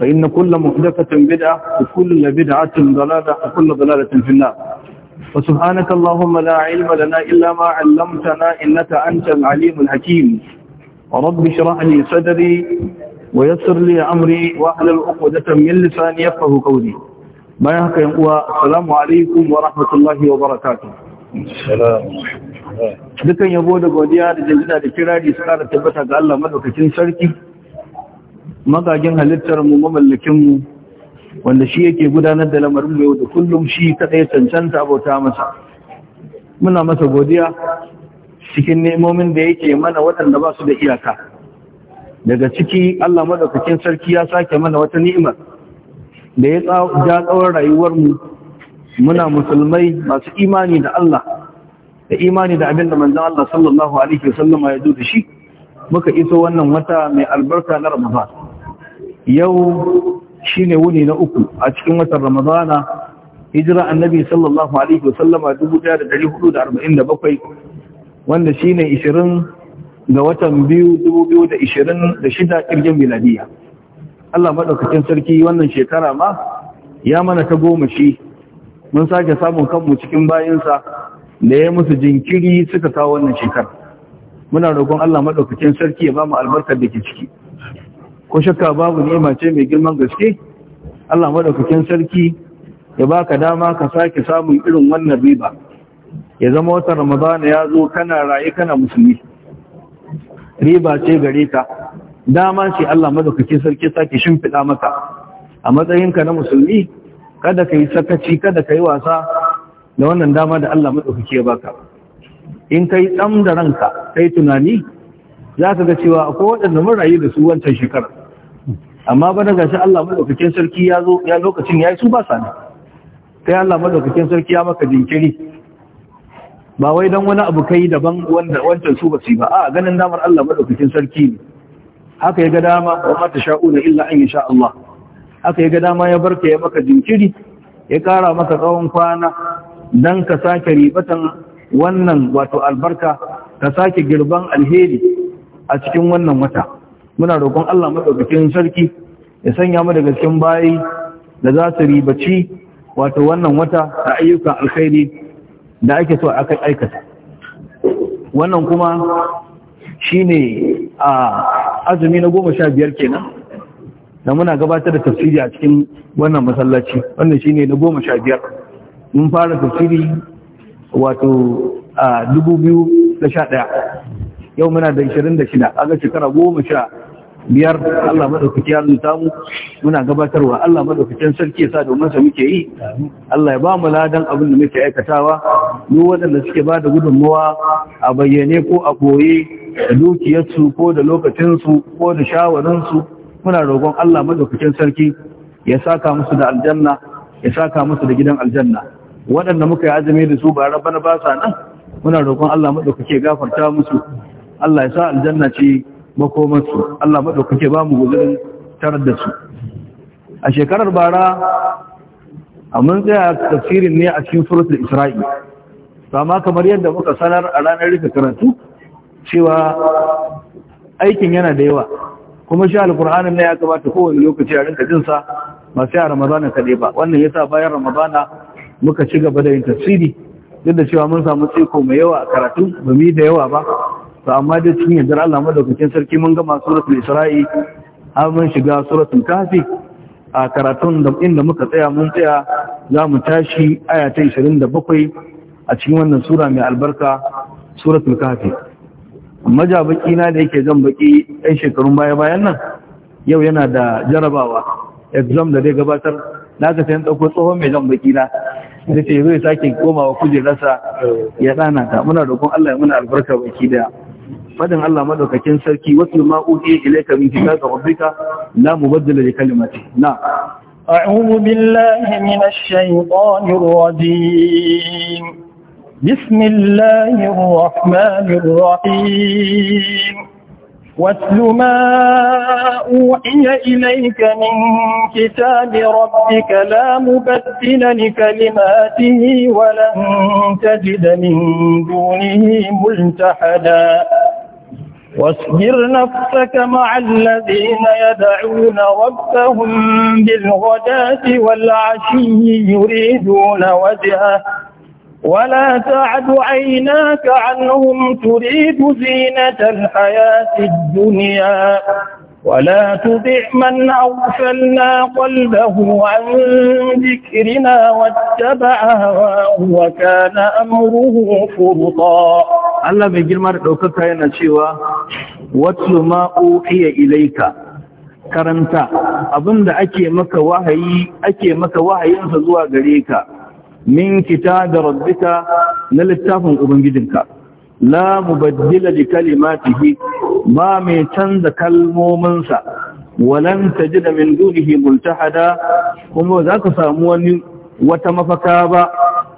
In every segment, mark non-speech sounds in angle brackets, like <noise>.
فإن كل محدثة بدعة وكل بدعة ضلالة وكل ضلالة في النار وسبحانك اللهم لا علم لنا إلا ما علمتنا إنك أنت العليم الحكيم رب اشرح لي صدري ويسر لي أمري وأحلل عقدة من لساني يفقه قولي ما يحكي السلام عليكم ورحمة الله وبركاته dukan yabo da godiya da jinjina da kirari su kara tabbata ga Allah madaukakin sarki magagin halittar mu mamallakin mu wanda shi yake gudanar da lamarin yau da kullum shi kadai cancanta abota masa muna masa godiya cikin nemomin da yake mana waɗanda ba su da iyaka daga ciki Allah madaukakin sarki ya sake mana wata ni'imar da ya ja tsawon rayuwarmu muna musulmai masu imani da Allah da imani da abin da manzan Allah sallallahu alaihi wasallama ya zo da shi muka iso wannan wata mai albarka na Ramadan yau shi ne wuni na uku a cikin watan ramadana hijira annabi sallallahu alaihi wasallama 1447 wanda shi ne 20 ga watan biyu 2026 kirgin miladiya Allah maɗaukacin sarki wannan shekara ma ya mana ta goma shi mun sake samun kanmu cikin bayansa da ya musu jinkiri suka kawo wannan shekara muna roƙon Allah maɗaukacin sarki ya ba mu albarkar da ke ciki ko shakka babu ni'ima ce mai girman gaske Allah madaukakin sarki ya baka dama ka sake samun irin wannan riba ya zama wata ramadana ya zo kana raye kana musulmi riba ce gare ka dama ce Allah madaukakin sarki sake shimfiɗa maka a matsayinka na musulmi kada ka sakaci kada ka wasa da wannan dama da Allah madaukake ya baka in ka yi tsam da ranka kai tunani za ka ga cewa akwai waɗanda mun rayu da su wancan shekarar amma ba daga shi Allah madaukakin sarki ya zo ya lokacin yi su ba sa ne Allah madaukakin sarki ya maka jinkiri ba wai don wani abu kai daban wanda wancan su ba su ba a ganin damar Allah madaukakin sarki ne haka ya ga dama wa ma na illa an sha Allah haka ya ga dama ya barka ya maka jinkiri ya kara maka tsawon kwana dan ka sake ribatan wannan wato albarka ka sake girban alheri a cikin wannan wata muna roƙon Allah madaukakin sarki ya sanya mu daga cikin bayi da za su ribaci wato wannan wata a ayyukan alkhairi da ake so aka aikata wannan kuma shi ne a azumi na goma sha biyar kenan da muna gabatar da tafsiri a cikin wannan masallaci wannan shi ne na goma sha biyar mun fara tafsiri wato a dubu biyu da sha ɗaya yau muna da ishirin da shida aga shekara goma sha biyar Allah maɗaukaki ya zuta mu muna gabatarwa Allah madaukakin sarki ya sa domin sa muke yi Allah ya ba mu ladan abin da muke aikatawa duk waɗanda suke ba da gudunmuwa a bayyane ko a koye da dukiyarsu ko da lokacinsu ko da shawarinsu muna roƙon Allah maɗaukakin sarki ya saka musu da aljanna ya saka musu da gidan aljanna waɗanda muka yi azumi da su ba rabana ba sa nan muna roƙon Allah ya gafarta musu Allah ya sa aljanna ce Makomansu Allah maɗaukake ba mu guzurin tarar da su a shekarar bara a mun tsaya tafsirin ne a cikin suratul isra'i amma kamar yadda muka sanar a ranar rufe karatu cewa aikin yana da yawa kuma shi alkur'anin na ya kamata kowane lokaci a rinka jinsa masu yara ramazana kaɗai ba wannan yasa bayan ramazana muka ci gaba da yin tafsiri duk da cewa mun samu tsiko mai yawa a karatu ba mu yi da yawa ba to amma dai cikin yanzu Allah madaukakin sarki mun gama suratul isra'i har mun shiga suratul kafi a karatun da inda muka tsaya mun tsaya za mu tashi aya ta 27 a cikin wannan sura mai albarka suratul kafi majabaki na da yake zan baki ɗan shekarun baya bayan nan yau yana da jarabawa exam da zai gabatar na ka sayan ɗauko tsohon mai zan baki na da ce zai sake komawa kujerarsa ya ɗana ta muna roƙon Allah ya muna albarka baki da fadin Allah madaukakin sarki wasu ma uhi ilayka min kitabi rabbika la mubaddila li kalimati na a'udhu billahi minash shaitanir rajim bismillahir rahmanir rahim واتل ما أوحي إليك من كتاب ربك لا مبدل لكلماته ولن تجد من دونه ملتحدا واصبر نفسك مع الذين يدعون ربهم بالغداة والعشي يريدون وجهه ولا تعد عيناك عنهم تريد زينة الحياة الدنيا ولا تضع من أغفلنا قلبه عن ذكرنا واتبع هواه وكان أمره فرطا Allah mai girma da ɗaukaka yana cewa, Wato ma’o iya ilaika, karanta, abin da ake maka wahayinsa zuwa gareka. Minkita min da rabbita na littafin Ubangijinka. la mubaddila li kalimatihi ba mai canza kalmominsa walan tajida min dunihi multahada kuma za ka samu wani wata mafaka ba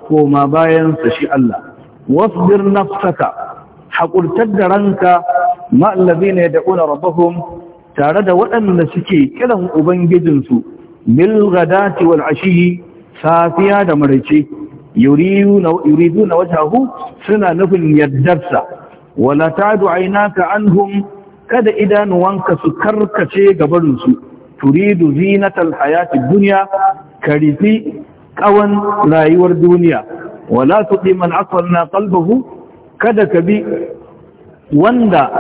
koma bayan sa shi Allah wasbir nafsaka haƙurtar da ranka ma allazina yad'una rabbahum tare da waɗanda suke kiran ubangijinsu bil ghadati wal ashi safiya da maraice yuridu na wajahu suna nufin yaddarsa wala tadu an anhum kada idanuwanka su karkace gabarinsu, su turidu zinatar hayati ka karifi ƙawan rayuwar duniya wala tudi man asalna qalbahu kada ka bi wanda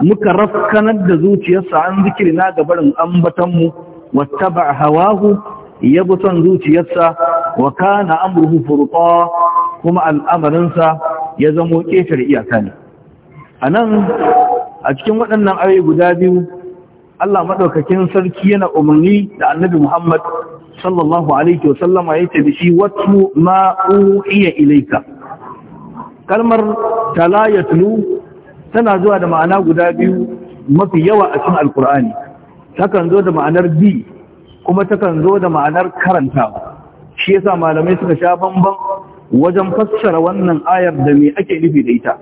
muka rafkanar da zuciyarsa an zikirina gabarin ambatanmu wattaba hawahu ya fi son zuciyarsa wa kana amruhu furqa kuma al'amarinsa ya zamo ƙetare iyaka ne anan a cikin waɗannan ayoyi guda biyu Allah madaukakin sarki yana umarni da Annabi Muhammad sallallahu alaihi wasallama yace da shi watu ma uhiya ilayka kalmar tala yatlu tana zuwa da ma'ana guda biyu mafi yawa a cikin alkur'ani takan zo da ma'anar bi kuma takan zo da ma'anar karantawa shi yasa malamai suka sha bamban wajen fassara wannan ayar da me ake nufi da ita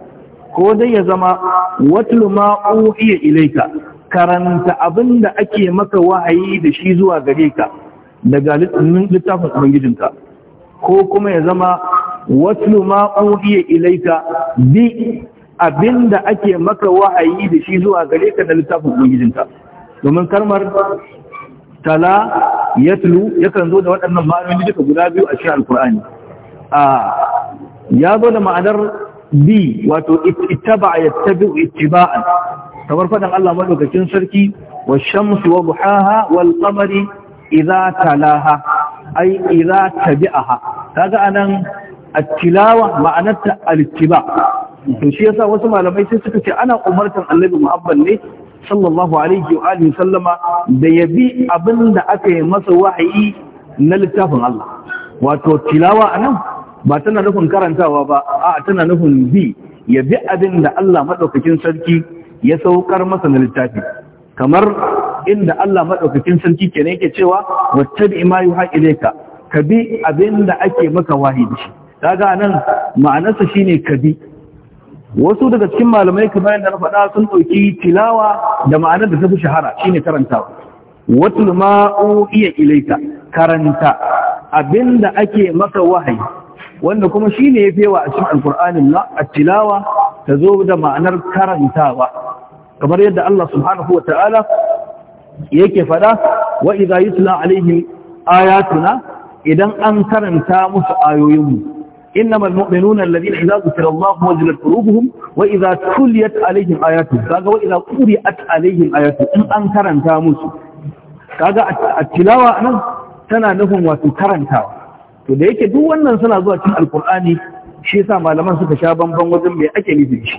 ko dai ya zama watlu ma uhiya ilayka karanta abinda ake maka wahayi da shi zuwa gare ka daga littafin ubangijinka ko kuma ya zama watlu ma uhiya ilayka bi abinda ake maka wahayi da shi zuwa gare ka da littafin ubangijinka domin karmar tala yatlu yakan zo da waɗannan ma'anoni duka guda biyu a cikin alkur'ani a ya zo da ma'anar bi wato ittaba yattabi'u ittiba'an kamar fadan Allah madaukakin sarki wa shamsu wa duhaha wal qamari idza talaha ay idza tabi'aha kaga anan at-tilawa ma'anarta al-ittiba to shi yasa wasu malamai sai suka ce ana umartan annabi Muhammad ne sallallahu alaihi wa alihi sallama da yabi abinda aka yi masa wahayi na littafin Allah wato tilawa anan ba tana nufin karantawa ba a tana nufin bi yabi abinda Allah maɗaukakin sarki ya saukar masa na littafi kamar inda Allah maɗaukakin sarki ke yake cewa wattabi ma Ka bi abin da ake maka wahayi kaga nan ma'anarsa shine kabi wasu daga cikin malamai kamar yadda na faɗa sun ɗauki tilawa da ma'anar da ta fi shahara shine karantawa watul ma'u iya ilaita karanta abinda ake maka wahayi wanda kuma shine ya fewa a cikin alqur'anin na, at-tilawa ta zo da ma'anar karantawa kamar yadda Allah subhanahu ta'ala yake faɗa wa idza yutla alaihim ayatuna idan an karanta musu ayoyinmu إنما المؤمنون الذين إذا ذكر الله وجلت قلوبهم وإذا تليت عليهم آياته كذا وإذا قرئت عليهم آياته إن أنكرن تاموس كذا التلاوة أنا تنا نهم وتكرن تاو فديك دو wannan suna zuwa cikin alqur'ani shi yasa malaman suka sha bamban wajen mai ake ni shi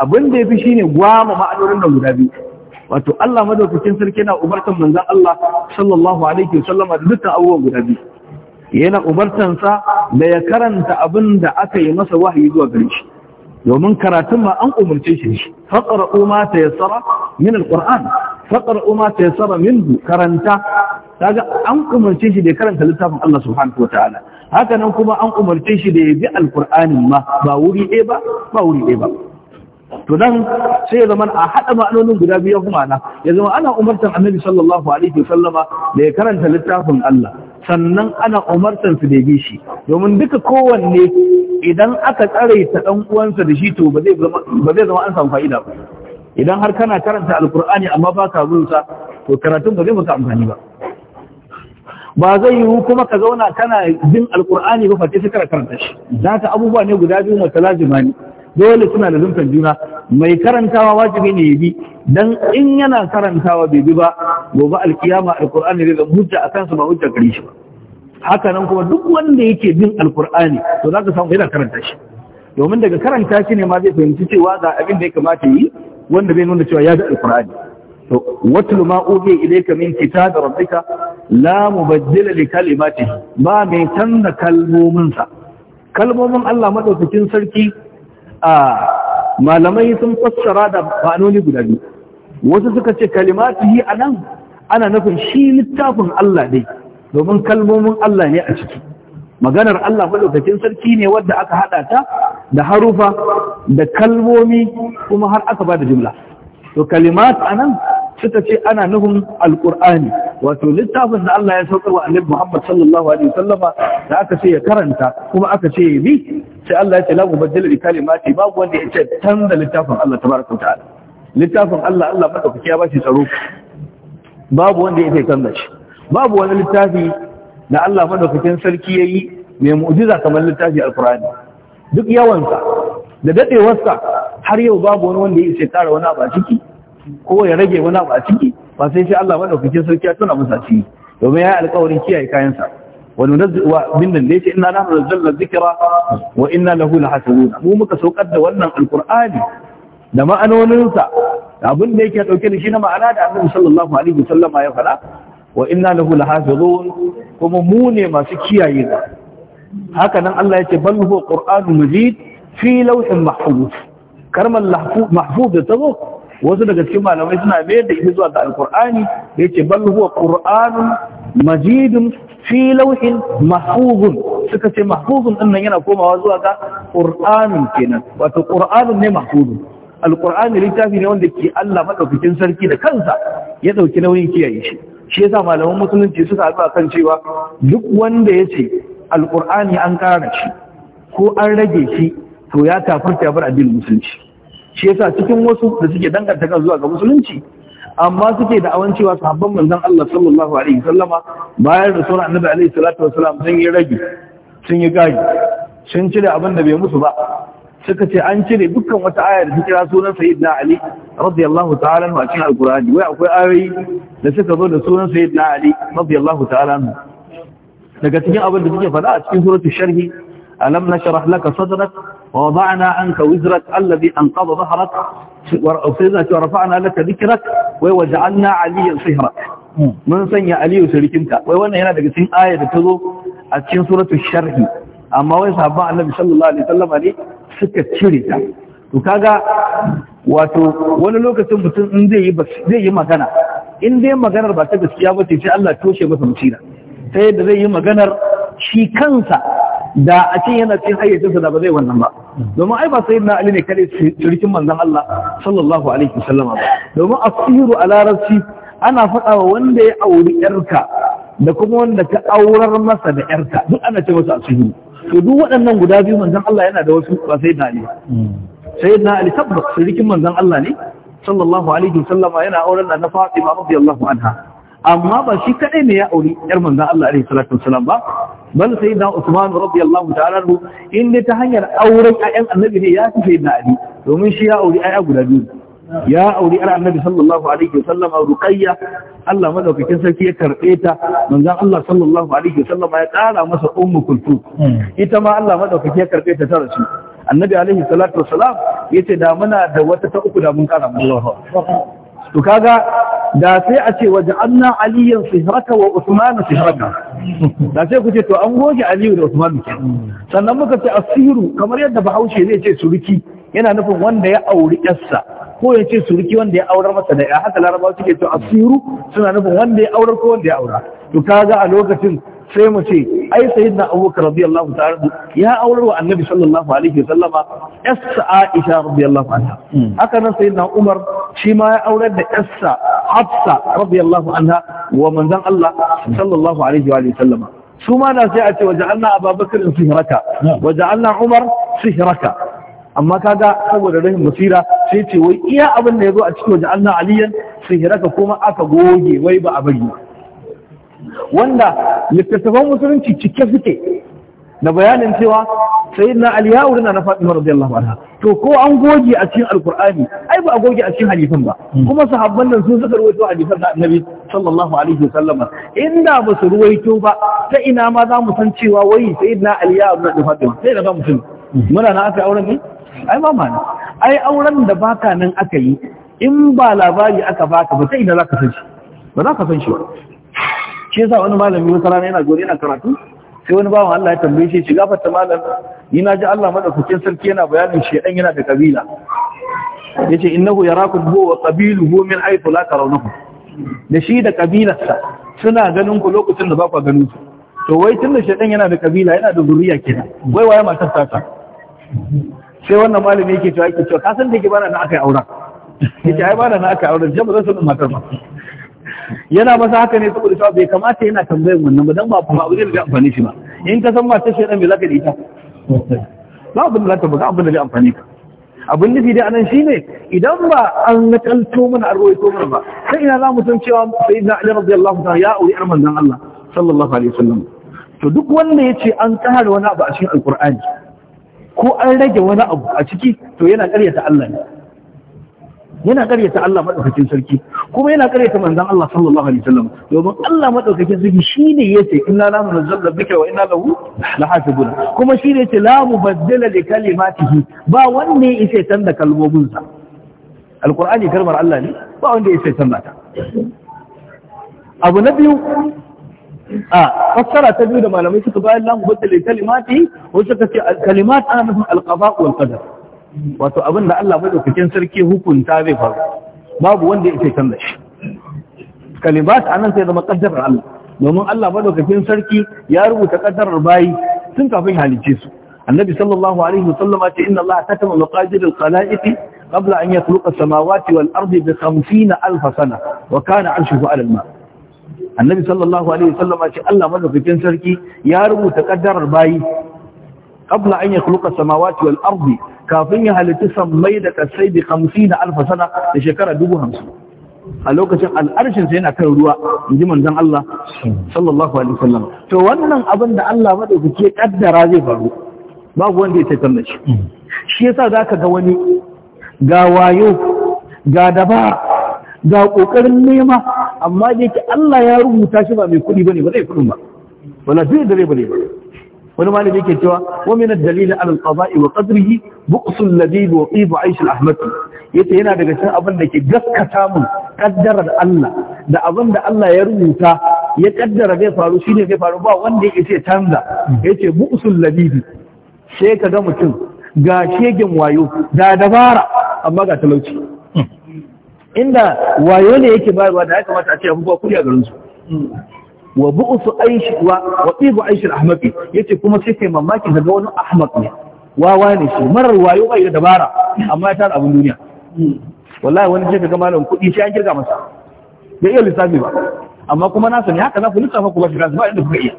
abin da shi shine gwama ma'anonin guda biyu wato Allah madaukakin sarki na umartan manzon Allah sallallahu alaihi wasallama da dukkan abubuwan guda biyu yana umartansa da ya karanta abin da aka yi masa wahayi zuwa gari shi domin karatun ma an umarce shi shi faqra'u ma tayassara min Al-ƙur'an, alquran ta ma tayassara minhu karanta kaga an umarce shi da ya karanta littafin Allah subhanahu wataala haka nan kuma an umarce shi da ya bi al alqur'anin ma ba wuri ɗaya ba ba wuri ɗaya ba to nan sai ya zama a haɗa ma'anonin guda biyu kuma na ya zama ana umartan annabi sallallahu alaihi wa sallama, da ya karanta littafin Allah sannan ana umartan su da shi domin duka kowanne idan aka tsare ta dan uwansa da shi to ba zai zama an samu fa'ida ba idan har kana karanta alkur'ani amma ba ka zuwa sa to karatun ba zai maka amfani ba ba zai yiwu kuma ka zauna kana jin alkur'ani ba fa sai ka karanta shi zaka abubuwa ne guda biyu mutalazima ne dole suna da zumfan juna mai karantawa wajibi ne ya bi dan in yana karantawa bai bi ba gobe alkiyama alqur'ani zai zama hujja a su ba hujja gare shi ba haka nan kuma duk wanda yake bin alqur'ani to zaka samu yana karanta shi domin daga karanta shi ne ma zai fahimci cewa ga abin da ya kamata yi wanda zai nuna cewa ya da alqur'ani to watlu ma ubi ilayka min kitab rabbika la mubaddila li kalimatihi ba mai canza kalmominsa kalmomin Allah madaukakin sarki a malamai sun fassara da fanoni guda biyu wasu suka ce kalimatihi a nan ana nufin shi littafin Allah ne, domin kalmomin Allah ne a ciki maganar Allah maɗaukakin sarki ne wadda aka haɗa ta da harufa da kalmomi kuma har aka ba da jumla to kalimat a nan suka ce ana nufin alƙur'ani wato littafin da Allah ya saukar wa annabi Muhammad sallallahu alaihi wasallama da aka ce ya karanta kuma aka ce ya bi sai Allah ya ce la mubaddila li kalimati babu wanda ya ce canza littafin Allah tabaraka ta'ala littafin Allah Allah madaukaki ya bashi tsaro babu wanda ya ce canza shi babu wani littafi da Allah madaukakin sarki yayi mai mu'jiza kamar littafi alqur'ani duk yawansa da dadewarsa har yau babu wani wanda ya ce kara wani abu a ciki ko ya rage wani abu a ciki ba sai sai Allah madaukakin sarki ya tuna masa ciki domin ya yi alƙawarin kiyaye kayansa وننزل ومن ليس إنا نحن نزلنا الذكرى وإنا له لحسنون مو muka saukar da wannan alqur'ani da ma'anoninsa abin da yake dauke da shi na ma'ana da Annabi sallallahu alaihi wasallama ya fara wa inna lahu lahafizun kuma mu ne masu kiyaye da haka Allah ya ce bal huwa qur'anun majid fi lawhin mahfuz karman mahfuz da tazo wasu daga cikin malamai suna mayar ita zuwa ga alqur'ani da yace bal huwa fi lauhin mahfuzun suka ce mahfuzun din nan yana komawa zuwa ga qur'anun kenan wato qur'anun ne mahfuzun alqur'ani littafi ne wanda ke Allah madaukakin sarki da kansa ya dauki nauyin kiyaye shi shi yasa malaman musulunci suka haɗu kan cewa duk wanda ya ce alqur'ani an kara shi ko an rage shi to ya kafirta ya bar addinin musulunci shi yasa cikin wasu da suke danganta zuwa ga musulunci amma suke da awan cewa sahabban manzon Allah sallallahu alaihi wasallama bayan rasul annabi alaihi salatu wasallam sun yi rage sun yi gaji sun cire abin da bai musu ba suka ce an cire dukkan wata aya da kira sunan sayyidina ali radiyallahu ta'ala a cikin alqur'ani wai akwai ayoyi da suka zo da sunan sayyidina ali radiyallahu ta'ala daga cikin abin da suke faɗa a cikin suratul sharhi alam nashrah laka sadrak ووضعنا عنك وزرك الذي أنقض ظهرك ورفعنا لك ذكرك ووجعلنا عليا صهرك من سنة علي سركنك وانا هنا دقيقين آية تتضو أتشين سورة الشرح أما ويصحباء النبي صلى الله عليه وسلم عليه سكة شركة وكذا wato wani lokacin mutum in zai yi magana in dai maganar ba ta gaskiya ba ce sai Allah toshe masa musira ta yadda zai yi maganar shi kansa da a ce yana cin hayyacinsa da ba zai wannan ba domin ai ba sai na ali ne kare shirkin manzon Allah sallallahu alaihi wasallam ba domin asiru a larabci ana faɗa wa wanda ya auri yarka da kuma wanda ka aurar masa da yarka duk ana ce masa asiru to duk waɗannan guda biyu manzon Allah yana da wasu ba sai na ali sai na ali tabbas shirkin manzon Allah ne sallallahu alaihi wasallam yana auren da na Fatima radiyallahu anha amma ba shi kadai ne ya auri yar manzon Allah alaihi salatu wasallam ba bal sayyidina Usman radiyallahu ta'ala anhu in dai ta hanyar auren ayyan annabi ne ya fi sayyidina Ali domin shi ya auri ayya guda biyu ya auri ar annabi sallallahu alaihi wasallam ruqayya Allah madaukakin sarki ya karbe ta manzon Allah sallallahu alaihi wasallam ya kara masa ummu kulthum ita ma Allah madaukaki ya karbe ta ta rasu annabi alaihi salatu wasalam yace da muna da wata ta uku da mun kara Allah to kaga da sai a ce waja'alna aliyan sihraka wa usmana sihraka da sai ku ce to an goge aliyu da usman ke sannan muka ce asiru kamar yadda bahaushe zai ce suruki yana nufin wanda ya auri yarsa ko ya ce suruki wanda ya aurar masa da ya haka larabawa suke to asiru suna nufin wanda ya aurar ko wanda ya aura to kaga a lokacin sai mu ce ai sayyidina abubakar radiyallahu ta'ala ya aurar wa annabi sallallahu alaihi wa sallama yassa aisha radiyallahu anha hmm. haka nan na umar shi ma ya aurar da yassa hafsa radiyallahu anha wa manzon Allah sallallahu alaihi wa sallama su ma da sai a ce waja'alna ababakar in sihraka hmm. waja'alna umar sihraka amma kaga saboda rahin basira sai ce wai iya abin da yazo a cikin waja'alna aliyan sihraka kuma aka goge wai ba a bari wanda littattafan musulunci cike suke da bayanin cewa sayyidina ali ya wurina na fatima radiyallahu anha to ko an goge a cikin alqur'ani ai ba a goge a cikin halifan ba hmm. kuma sahabban nan sun suka ruwaito hadisan da annabi sallallahu alaihi wasallam inda ba su ruwaito ba ta ina ma za mu san cewa wai sayyidina ali ya wurina na fatima sai da ba mu san hmm. muna na aka auren ne ai ba ma ai auren da baka nan aka yi in ba labari aka baka ba ta ina za ka san shi ba za ka san shi ba shi yasa wani malami wata rana yana gore yana karatu sai wani bawan Allah ya tambaye shi shiga fata malam ni na ji Allah madaukakin sarki yana bayanin shi, shedan yana da kabila yace innahu yarakum huwa wa qabiluhu min haythu la tarawnahu da shi da kabilarsa suna ganin ku lokacin da ba ku ganin su to wai tunda shedan yana da kabila yana da zuriya kenan wai waye matar ta? sai wannan malami yake cewa yake cewa ka san da ke bana na aka yi aura <laughs> yake ai bana na aka yi aura jama'a sun matar ba yana masa haka ne saboda cewa bai kamata yana tambayar wannan ba dan ba ba zai da amfani shi ba in ka san shi shedan me zaka ita ba abin da zaka ba abin da zai amfani ka abin nufi dai anan shine idan ba an nakalto mana an rawaito mana ba sai ina za mu san cewa sayyidina ali radiyallahu ta'ala ya auri arman dan Allah sallallahu alaihi wasallam to duk wanda yace an kare wani abu a cikin alqur'ani ko an rage wani abu a ciki to yana ƙaryata Allah ne yana ƙaryata Allah maɗaukakin sarki kuma yana ƙaryata manzon Allah sallallahu alaihi wasallam domin Allah maɗaukakin sarki shi ne shine yace inna la nuzalla bika wa inna lahu lahafizun kuma shi ne ya ce la mubaddala li kalimatihi ba wanda ya isa canza kalmominsa alqur'ani kalmar Allah ne ba wanda ya isa canza ta abu na biyu a fassara ta biyu da malamai suka bayan la mubaddala li kalimatihi wasu suka ce kalimat ana nufin alqada wal qadar wato abin da Allah madaukakin sarki hukunta zai faru babu wanda ya ce canza shi kalimat anan sai zama kaddarar Allah domin Allah madaukakin sarki ya rubuta kaddarar bayi tun kafin halice su annabi sallallahu alaihi wasallama ce inna Allah katama maqadir al-khalaiqi qabla an yakhluqa as-samawati wal ardi bi 50 alf sana wa kana 'arshuhu 'ala al-ma annabi sallallahu alaihi wasallama ce Allah madaukakin sarki ya rubuta kaddarar bayi qabla an yakhluqa as-samawati wal ardi kafin ya halitta sammai da kasai bi 50 da alfasana da shekara hamsin, a lokacin al'arshinsa yana kan ruwa inji manzon Allah sallallahu alaihi sallam. to wannan abin da Allah madaukake kaddara zai faru babu wanda ya tantance shi shi yasa zaka ga wani ga wayo ga daba, ga ƙoƙarin nema amma yake Allah ya rubuta shi ba mai ba ne, ba zai kudin ba wala zai ba ne ba wani malami yake cewa wa min ad-dalil ala al-qada'i wa qadrihi buqsul ladib wa qib aish al-ahmad yace yana daga cikin abin da ke gaskata mun kaddarar Allah da abin da Allah ya rubuta ya kaddara zai faru shine zai faru ba wanda yake ce canza yace buqsul ladib sai ka ga mutum ga shegen wayo da dabara amma ga talauci inda wayo ne yake bayarwa da ya kamata a ce abubuwa kuri a garin su wa bu'su aish wa wa tibu aish al-ahmaqi yace kuma sai kai mamaki daga wani ahmaq ne wawa ne shi marar wayo bai da dabara amma ya tara abin duniya wallahi wani ce ga malamin kudi shi an kirga masa bai iya lissafi ba amma kuma na sani haka za ku lissafa ku ba shi ba inda kuka iya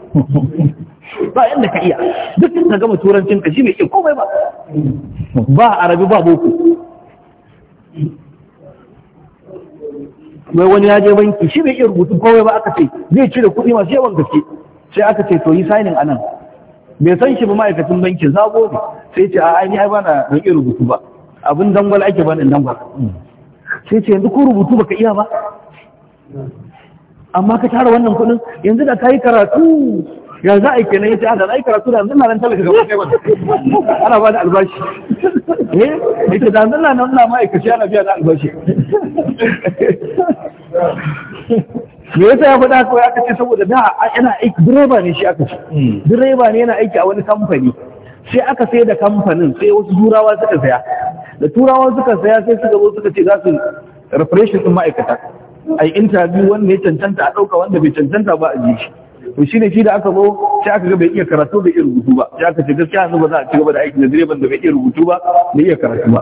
ba yadda ka iya duk ka gama turancin ka shi mai iya komai ba ba arabi ba boko wai wani ya je banki shi bai iya rubutun kowai ba aka ce zai cire kuɗi masu yawan gaske sai aka ce to yi signing anan bai san shi ba ma'aikacin bankin zago ne sai ce a ainihi ai bana ban iya rubutu ba abin dangwal ake bani dangwal sai ce yanzu ko rubutu baka iya ba amma ka tara wannan kuɗin yanzu da ka yi karatu Yanzu a yi kenan yace Allah ai karatu da yanzu na nan talaka gaba kai wannan ana ba da albashi eh yace da yanzu na nan na ma'aikaci ana biya da albashi me yasa ya faɗa kawai aka ce saboda da yana aiki direba ne shi aka ce hmm. direba ne yana aiki a wani kamfani sai aka sai da kamfanin sai wasu turawa suka saya da turawa suka saya sai suka zo suka ce za su refreshin ma'aikata a yi interview wanda ya cancanta a ɗauka wanda bai cancanta ba a ji shi to shine shi da aka zo sai aka ga bai iya karatu bai iya rubutu ba sai aka ce gaskiya yanzu ba za a ci gaba da aiki da direban da bai iya rubutu ba bai iya karatu ba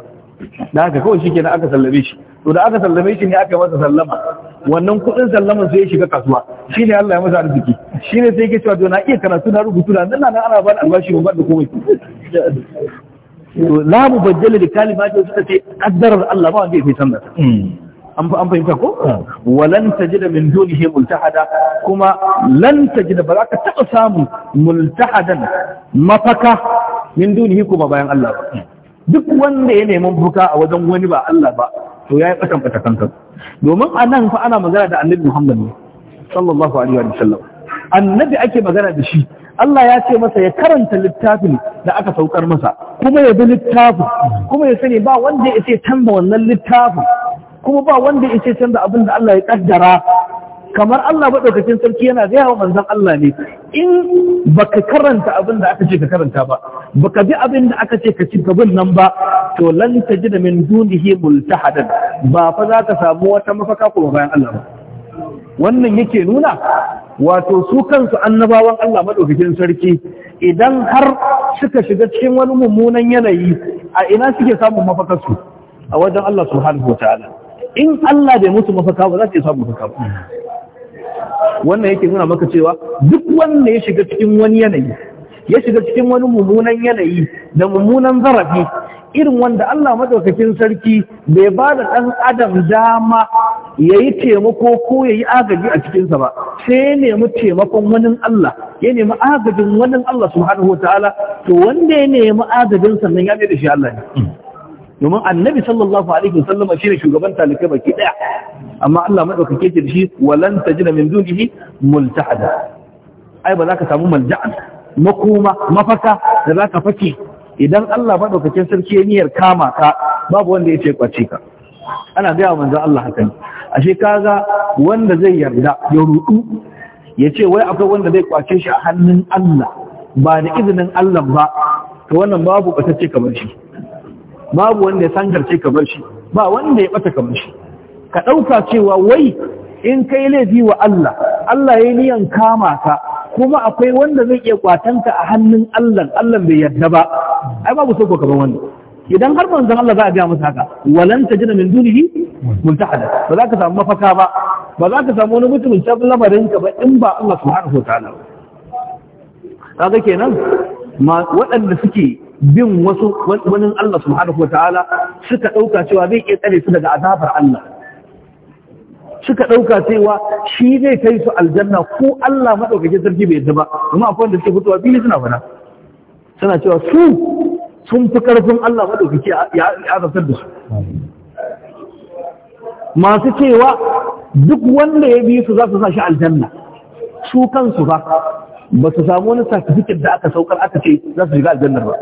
da haka kawai shike aka sallame shi to da aka sallame shi ne aka masa sallama wannan kudin sallaman sai ya shiga kasuwa shine Allah ya masa arziki shine sai yake cewa to na iya karatu na rubutu na nan ana ba albashi ban da komai to la mubaddala li kalimati suka ce qaddarar Allah ba wanda ya fi sanda an fahimta ko walan da min dunihi multahada kuma lan da ba za ka taɓa samun multahadan mafaka min dunihi kuma bayan Allah ba duk wanda ya neman mafaka a wajen wani ba Allah ba to ya yi ƙasan fatakanka domin a nan fa ana magana da annabi Muhammad ne sallallahu alaihi wa sallam annabi ake magana da shi Allah ya ce masa ya karanta littafin da aka saukar masa kuma ya bi littafin kuma ya sani ba wanda ya ce tamba wannan littafin kuma ba wanda ya ce canza abin da Allah ya kaddara kamar Allah maɗaukacin sarki yana gaya wa manzan Allah ne in baka karanta abin da aka ce ka karanta ba baka bi abin da aka ce ka ci gaban nan ba to lan tajida min dunihi multahadan ba fa za ka samu wata mafaka kuma bayan Allah ba wannan yake nuna wato su kansu annabawan Allah maɗaukacin sarki idan har suka shiga cikin wani mummunan yanayi a ina suke samun mafakarsu a wajen Allah subhanahu wa ta'ala in Allah bai mutu mafaka ba za ta samun mafaka ba wannan yake nuna maka cewa duk wanda ya shiga cikin wani yanayi ya shiga cikin wani mummunan yanayi da mummunan zarafi irin wanda Allah madaukakin sarki bai ba da ɗan adam dama ya yi taimako ko ya yi agaji a cikinsa ba sai ya nemi taimakon wani Allah ya nemi agajin wani Allah subhanahu wa ta'ala to wanda ya nemi agajin sannan ya mai da shi Allah ne domin annabi sallallahu alaihi wasallam ne shugaban talikai baki daya amma Allah madaukake da shi walan tajida min dunihi multahada ai ba za ka samu Malja'a, makoma mafaka da za ka fake idan Allah madaukakin sarki ya niyar kama ka babu wanda ya ce kwace ka ana gaya manzo Allah hakan ashe kaga wanda zai yarda ya rudu ya ce wai akwai wanda zai kwace shi a hannun Allah ba da izinin Allah ba to wannan babu batacce kamar shi babu wanda ya sangarce kamar shi ba wanda ya bata kamar shi ka ɗauka cewa wai in kai laifi wa Allah Allah ya niyan kama ka kuma akwai wanda zai iya kwatanka a hannun Allah Allah bai yarda ba ai babu sauko kamar wannan idan har manzon Allah za a ga masa haka walan tajina min dunihi multahada ba za ka samu mafaka ba ba za ka samu wani mutumin can lamarin ka ba in ba Allah subhanahu wa ta'ala kaga kenan waɗanda suke bin wasu wani Allah subhanahu ta'ala suka ɗauka cewa zai iya tsare su daga azabar Allah suka ɗauka cewa shi zai kai su aljanna ko Allah maɗaukake sarki bai yadda ba Amma akwai wanda suke fitowa fili suna fana suna cewa su sun fi ƙarfin Allah maɗaukake ya azabtar da su masu cewa duk wanda ya bi su za su sa shi aljanna su kansu ba ba su samu wani certificate da aka saukar aka ce za su shiga aljannar ba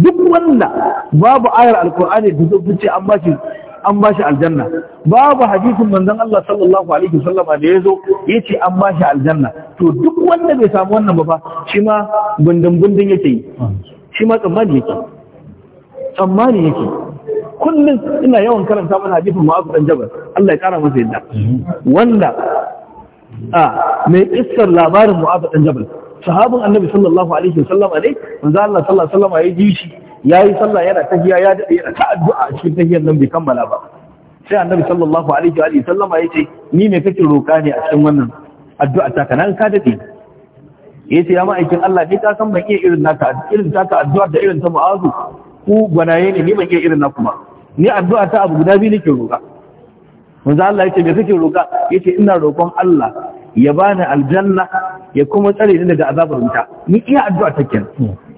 duk wanda babu ayar alkur'ani da zai fice an bashi an bashi aljanna babu hadisin manzon Allah sallallahu alaihi wasallam da yazo yace an bashi aljanna to duk wanda bai samu wannan ba fa shi ma gundun gundun yake yi shi ma tsammani yake tsammani yake kullum ina yawan karanta mana hadisin Mu'adh dan Jabal Allah ya kara masa yadda wanda a mai kissar labarin Mu'adh dan Jabal sahabin annabi sallallahu alaihi wa wasallam ne manzo Allah sallallahu alaihi wasallam ya yi shi yayi sallah yana tahiya ya dade yana ta addu'a a cikin tahiyar nan bai kammala ba sai annabi sallallahu alaihi wa sallama ce, ni me kake roka ne a cikin wannan addu'a ta kana ka dade yace ya ma'aikin Allah ni ka san ban iya irin naka irin taka addu'a da irin ta mu'azu ku gwanaye ne ni ban iya irin naku ba ni addu'a ta abu guda biyu nake roka manzo Allah yace me kake roka yace ina roƙon Allah ya bani aljanna ya kuma tsare ni daga azabar wuta ni iya addu'a take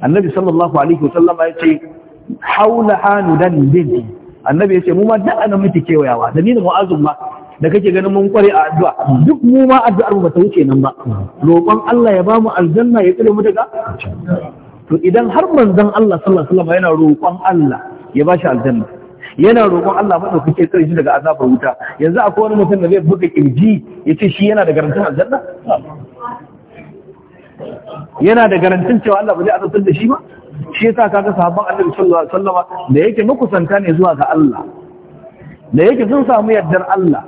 annabi sallallahu alaihi wasallam ya ce haula hanu, dan, bidi annabi ya ce mu ma duk anan muke kewayawa da ni da mu'azzum ma da kake ganin mun kware a addu'a duk mu ma addu'ar mu ta wuce nan ba roƙon Allah ya bamu aljanna ya tsare mu daga to idan har manzon Allah sallallahu alaihi wasallam yana roƙon Allah ya ba shi aljanna yana roƙon Allah madaukake tsare shi daga azabar wuta yanzu akwai wani mutum da zai buga kirji ya ce shi yana da garantin aljanna yana da garantin cewa Allah ba zai azabtar da shi ba shi yasa kaga sahabban Annabi sallallahu alaihi wasallam da yake makusanta ne zuwa ga Allah da yake sun samu yardar Allah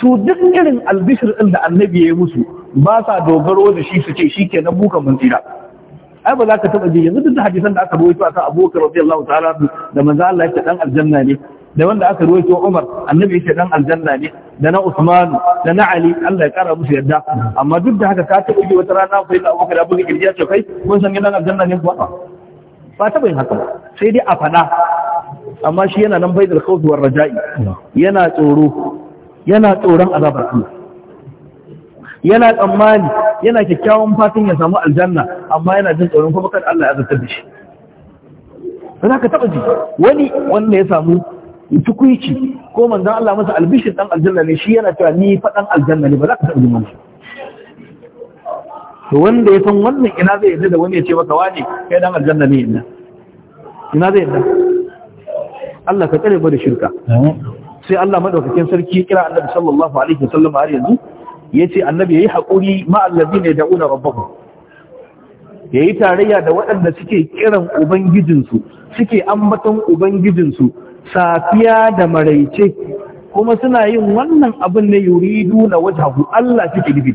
su duk irin albishir din da Annabi ya musu ba sa dogaro da shi su ce shikenan buka mun tsira ai ba za ka taba ji yanzu duk hadisan da aka rawaito akan Abu Bakar radiyallahu ta'ala da manzo Allah ya dan aljanna ne da wanda aka ruwaito Umar annabi yake dan aljanna ne da na Usman da na Ali Allah ya kara musu yadda amma duk da haka ka ta ubi wata rana sai da Abubakar Abu kirjiya ce kai mun san gidan aljanna ne kuwa ba ta bayin haka sai dai a fada amma shi yana nan baidul khawf war raja'i yana tsoro yana tsoron azabar Allah yana tsammani yana kyakkyawan fatan ya samu aljanna amma yana jin tsoron kuma kan Allah ya azabtar da shi ba za ka taɓa ji wani wanda ya samu tukuici ko manzan Allah masa albishir ɗan aljanna ne shi yana cewa ni faɗan aljanna ne ba za ka taɓa jin to wanda ya san wannan ina zai yarda da wani ya ce maka wani kai ɗan aljanna ne yadda? ina zai yarda Allah ka tsare ba da shirka sai Allah madaukakin sarki kira annabi sallallahu alaihi wa sallam har yanzu ya ce annabi ya yayi hakuri ma allazina ku. Ya yi tarayya da waɗanda suke kiran ubangijinsu suke ambaton ubangijinsu safiya da maraice kuma suna yin wannan abin ne duna na wajahu Allah suke nufi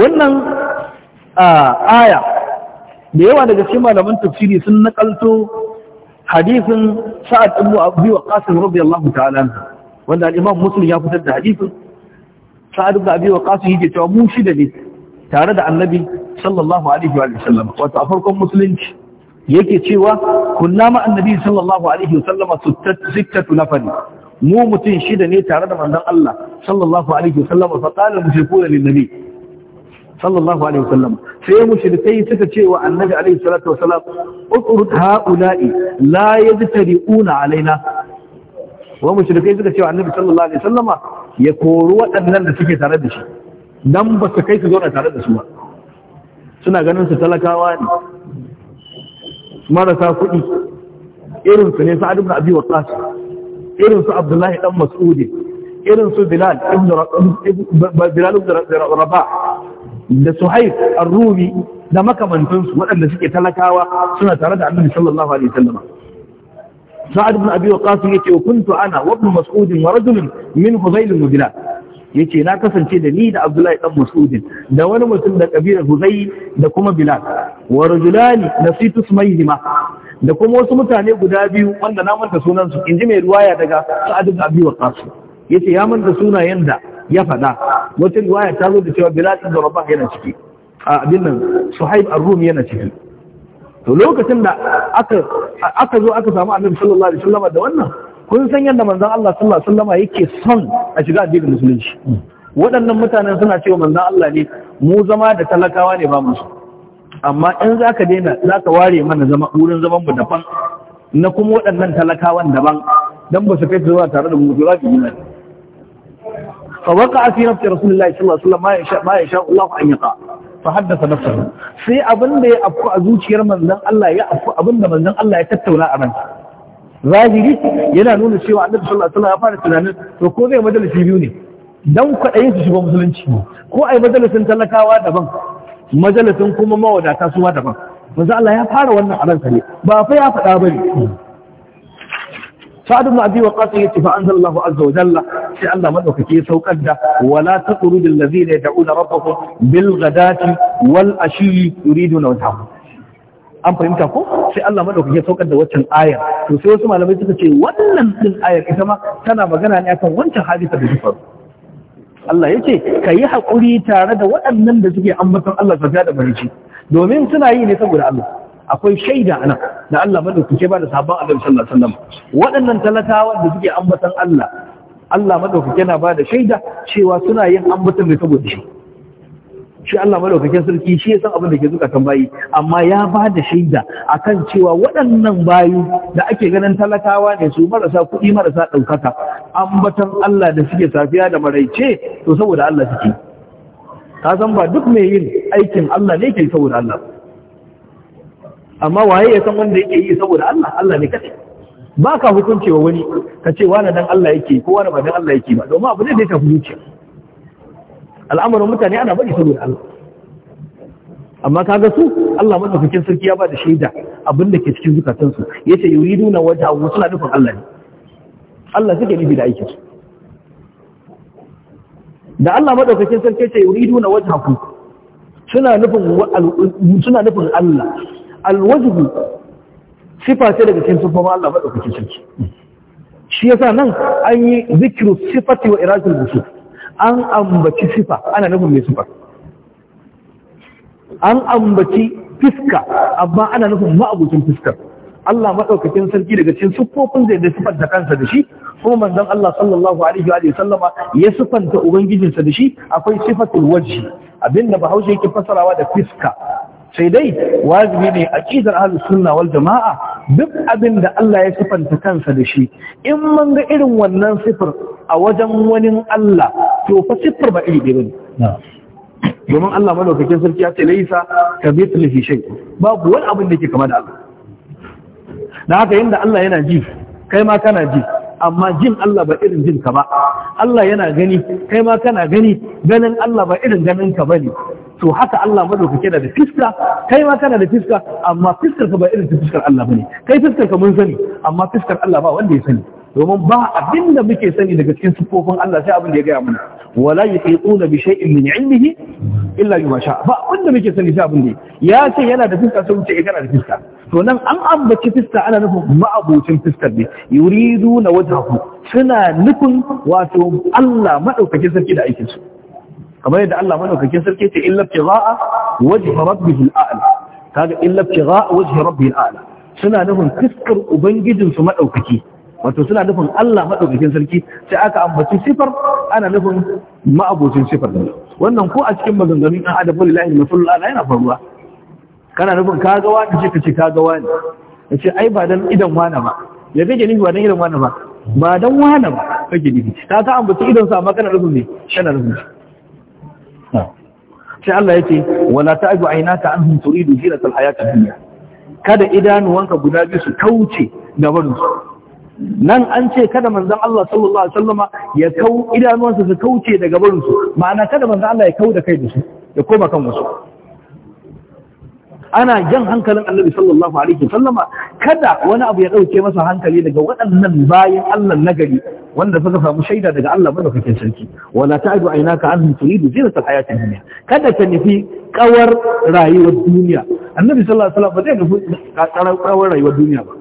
wannan aya da yawa daga cikin malaman tafsiri sun nakalto hadisin sa'ad ibn abi waqas radiyallahu ta'ala wanda al-imam muslim ya fitar da hadisin sa'ad ibn abi waqas yake cewa mu shida ne tare da annabi sallallahu alaihi wa sallam wato a farkon musulunci yake cewa kunna ma annabi sallallahu alaihi wasallama sittatu nafari mu mutum shida ne tare da manzon Allah sallallahu alaihi wasallama fa qala mushrikuna lin nabi sallallahu alaihi wasallam sai mushrikai suka ce wa annabi alaihi salatu wasalam uqrut haula'i la yajtari'una alaina wa mushrikai suka ce wa annabi sallallahu alaihi wasallama ya kori waɗannan da suke tare da shi dan ba su kai su zauna tare da su ba suna ganin su talakawa ne marasa kuɗi irinsu ne sa'ad ibn abi waqas irinsu abdullahi dan mas'udi irinsu bilal ibn bilal ibn rabah da suhaib ar-rumi da makamantansu waɗanda suke talakawa suna tare da annabi sallallahu alaihi wasallam sa'ad ibn abi waqas yake kuntu ana wa ibn mas'ud wa rajul min hudayl ibn bilal yace na kasance da ni da Abdullahi dan Mas'ud da wani mutum da ƙabilar Huzai da kuma Bilal wa rajulani nasitu ismayhima da kuma wasu mutane guda biyu wanda na manta sunansu inji mai ruwaya daga Sa'ad ibn Abi yace ya manta sunayen da ya faɗa wata ruwaya ta zo da cewa Bilal ibn Rabah yana ciki a abin nan Suhaib ar yana ciki to lokacin da aka aka zo aka samu Annabi sallallahu alaihi wasallam da wannan kun san yadda manzon Allah sallallahu alaihi wasallam yake son a shiga addinin musulunci waɗannan mutanen suna cewa manzon Allah ne mu zama da talakawa ne ba mu su. amma in zaka daina zaka ware mana zama wurin zaman mu daban na kuma waɗannan talakawan daban dan ba su kai zuwa tare da mu za su yi fa waqa fi nafsi rasulullahi sallallahu alaihi wasallam ma yasha ma yasha Allah an yaqa fa haddasa nafsahu sai abin da ya afku a zuciyar manzon Allah ya afku abin da manzon Allah ya tattauna a ransa zahiri yana nuna cewa annabi sallallahu alaihi wasallam ya fara tunanin to ko zai majalisi biyu ne dan kwaɗayin su shiga musulunci ko ai majalisin talakawa daban majalisin kuma mawadata su ma daban manzo Allah ya fara wannan a ransa ne ba fa ya faɗa ba ne sa'ad ibn abi waqas yace fa anzalallahu azza wa jalla sai Allah madaukake ya saukar da wala taqrudul ladzina yad'una rabbahum bil ghadati wal ashi yuriduna wajhahu an fahimta ko sai Allah madaukaki ya saukar da waccan ayar to sai wasu malamai suka ce wannan din ayar ita ma tana magana ne akan wancan hadisa da ta faru Allah ya ce ka yi haƙuri tare da waɗannan da suke ambatan Allah safiya da barici domin suna yi ne saboda Allah akwai shaida ana da Allah madaukake ba da sabon abin sallallahu alaihi waɗannan talatawa da suke ambatan Allah Allah madaukake yana ba da shaida cewa suna yin ambatan da saboda shi shi Allah madaukakin sarki shi ya san abin da ke zukatan bayi amma ya ba da shaida akan cewa waɗannan bayu da ake ganin talakawa ne su marasa kuɗi marasa ɗaukaka batan Allah da suke safiya da maraice to saboda Allah suke ka san ba duk mai yin aikin Allah ne ke saboda Allah amma waye ya san wanda yake yi saboda Allah Allah ne kace ba ka hukuncewa wani ka ce wani dan Allah yake ko wani ba dan Allah yake ba domin abu ne da ya tafi zuciya al'amarin mutane ana bari saboda Allah amma ka ga su Allah madaukakin sarki ya ba da shaida abin da ke cikin zukatansu nuna wata abu suna nufin Allah ne Allah suke nufi da aikin su da Allah madaukakin sarki ya yace yi nuna suna nufin suna nufin Allah alwajhu sifa ce daga cikin sufa ma Allah madaukakin sarki shi yasa nan an yi zikiru sifati wa iradul musu. an ambaci sifa ana nufin mai sifa an ambaci fiska amma ana nufin ma'abucin fiskar Allah maɗaukakin sarki daga cikin siffofin zai da siffar da kansa da shi kuma manzon Allah sallallahu alaihi wa sallama ya sufanta ubangijinsa da shi akwai sifatul waji abinda bahaushe yake fasarawa da fiska sai dai wajibi ne a aqidar ahlus sunna wal jamaa duk abin da Allah ya sifanta kansa da shi in mun ga irin wannan sifar a wajen wani Allah to fa sifar ba iri bane domin Allah madaukakin sarki ya ce laisa ka fi shay babu wani abin da yake kama da Allah na haka yanda Allah yana ji kai ma kana ji amma jin Allah ba irin jin ka ba Allah yana gani kai ma kana gani ganin Allah ba irin ganin ka bane to haka Allah madaukake da fiska kai ma kana da fiska amma fiskar ka ba irin fiskar Allah bane kai fiskar ka mun sani amma fiskar Allah ba wanda ya sani domin ba abin da muke sani daga cikin sufofin Allah sai abin da ya gaya mana wala yuqituna bi shay'in min ilmihi illa bima sha ba wanda muke sani sai abin da ya ce yana da fiska sai wuce eh kana da fiska to nan an ambaci fiska ana nufin ma'abocin fiskar ne yuridu na wajhahu suna nufin wato Allah madaukake sarki da aikinsu. su kamar yadda Allah madaukakin sarki ce illa ibtigha'a wajhi rabbihil a'la kaga illa ibtigha'a wajhi rabbihil a'la suna nufin fiskar ubangijin su madaukaki wato suna nufin Allah madaukakin sarki sai aka ambaci sifar ana nufin ma'abocin sifar wannan ko a cikin maganganun an adabu lillahi masallu ala yana faruwa kana nufin kaga wani ce kace kaga wani yace ai ba dan idan wani ba ya kake nufi ba dan idan wani ba ba dan wani ba kake nufi ka ambaci idan sa amma kana nufin ne kana nufin sai Allah yake wala ta'ju aynaka anhum turidu zinatal hayatid dunya kada idanuwanka guda biyu su kauce barin su nan an ce kada manzon Allah sallallahu alaihi wasallama ya kau idanuwansa su kauce daga barin su ma'ana kada manzon Allah ya kau da kai da su ya koma kan wasu ana jan hankalin Annabi sallallahu alaihi wasallama kada wani abu ya dauke masa hankali daga waɗannan bayan Allah nagari wanda suka samu shaida daga Allah madaukakin sarki wala ta'du aynaka anhum turidu zinatal hayatid dunya kada ka nufi kawar rayuwar duniya annabi sallallahu alaihi wasallam ba zai nufi kawar rayuwar duniya ba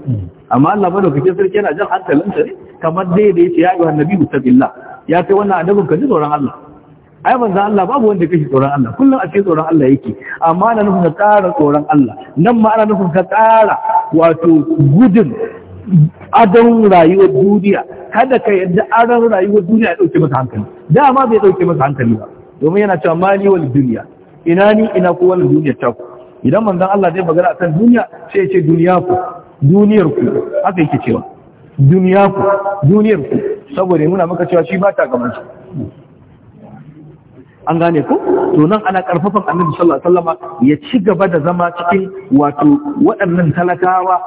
amma Allah madaukakin sarki yana jan hankalin sa ne kamar dai da yace ya ayyuhan nabiyyu taqillah ya kai wannan annabin ka ji tsoron Allah ai manzo Allah babu wanda kake tsoron Allah kullum a cikin tsoron Allah yake amma ana nufin ka tsara tsoron Allah nan ma ana nufin ka tsara wato gudun adon rayuwar duniya kada ka yadda aran rayuwar duniya ya dauke masa hankali dama bai dauke masa hankali ba domin yana cewa mali wal duniya ina ni ina ko wal duniya ta ku idan manzon Allah zai magana akan duniya sai ya ce duniya ku duniyar ku haka yake cewa duniya ku duniyar ku saboda muna maka cewa shi ba ta gaban shi an gane ku? to nan ana karfafan annabi sallallahu alaihi ya ci gaba da zama cikin wato waɗannan talakawa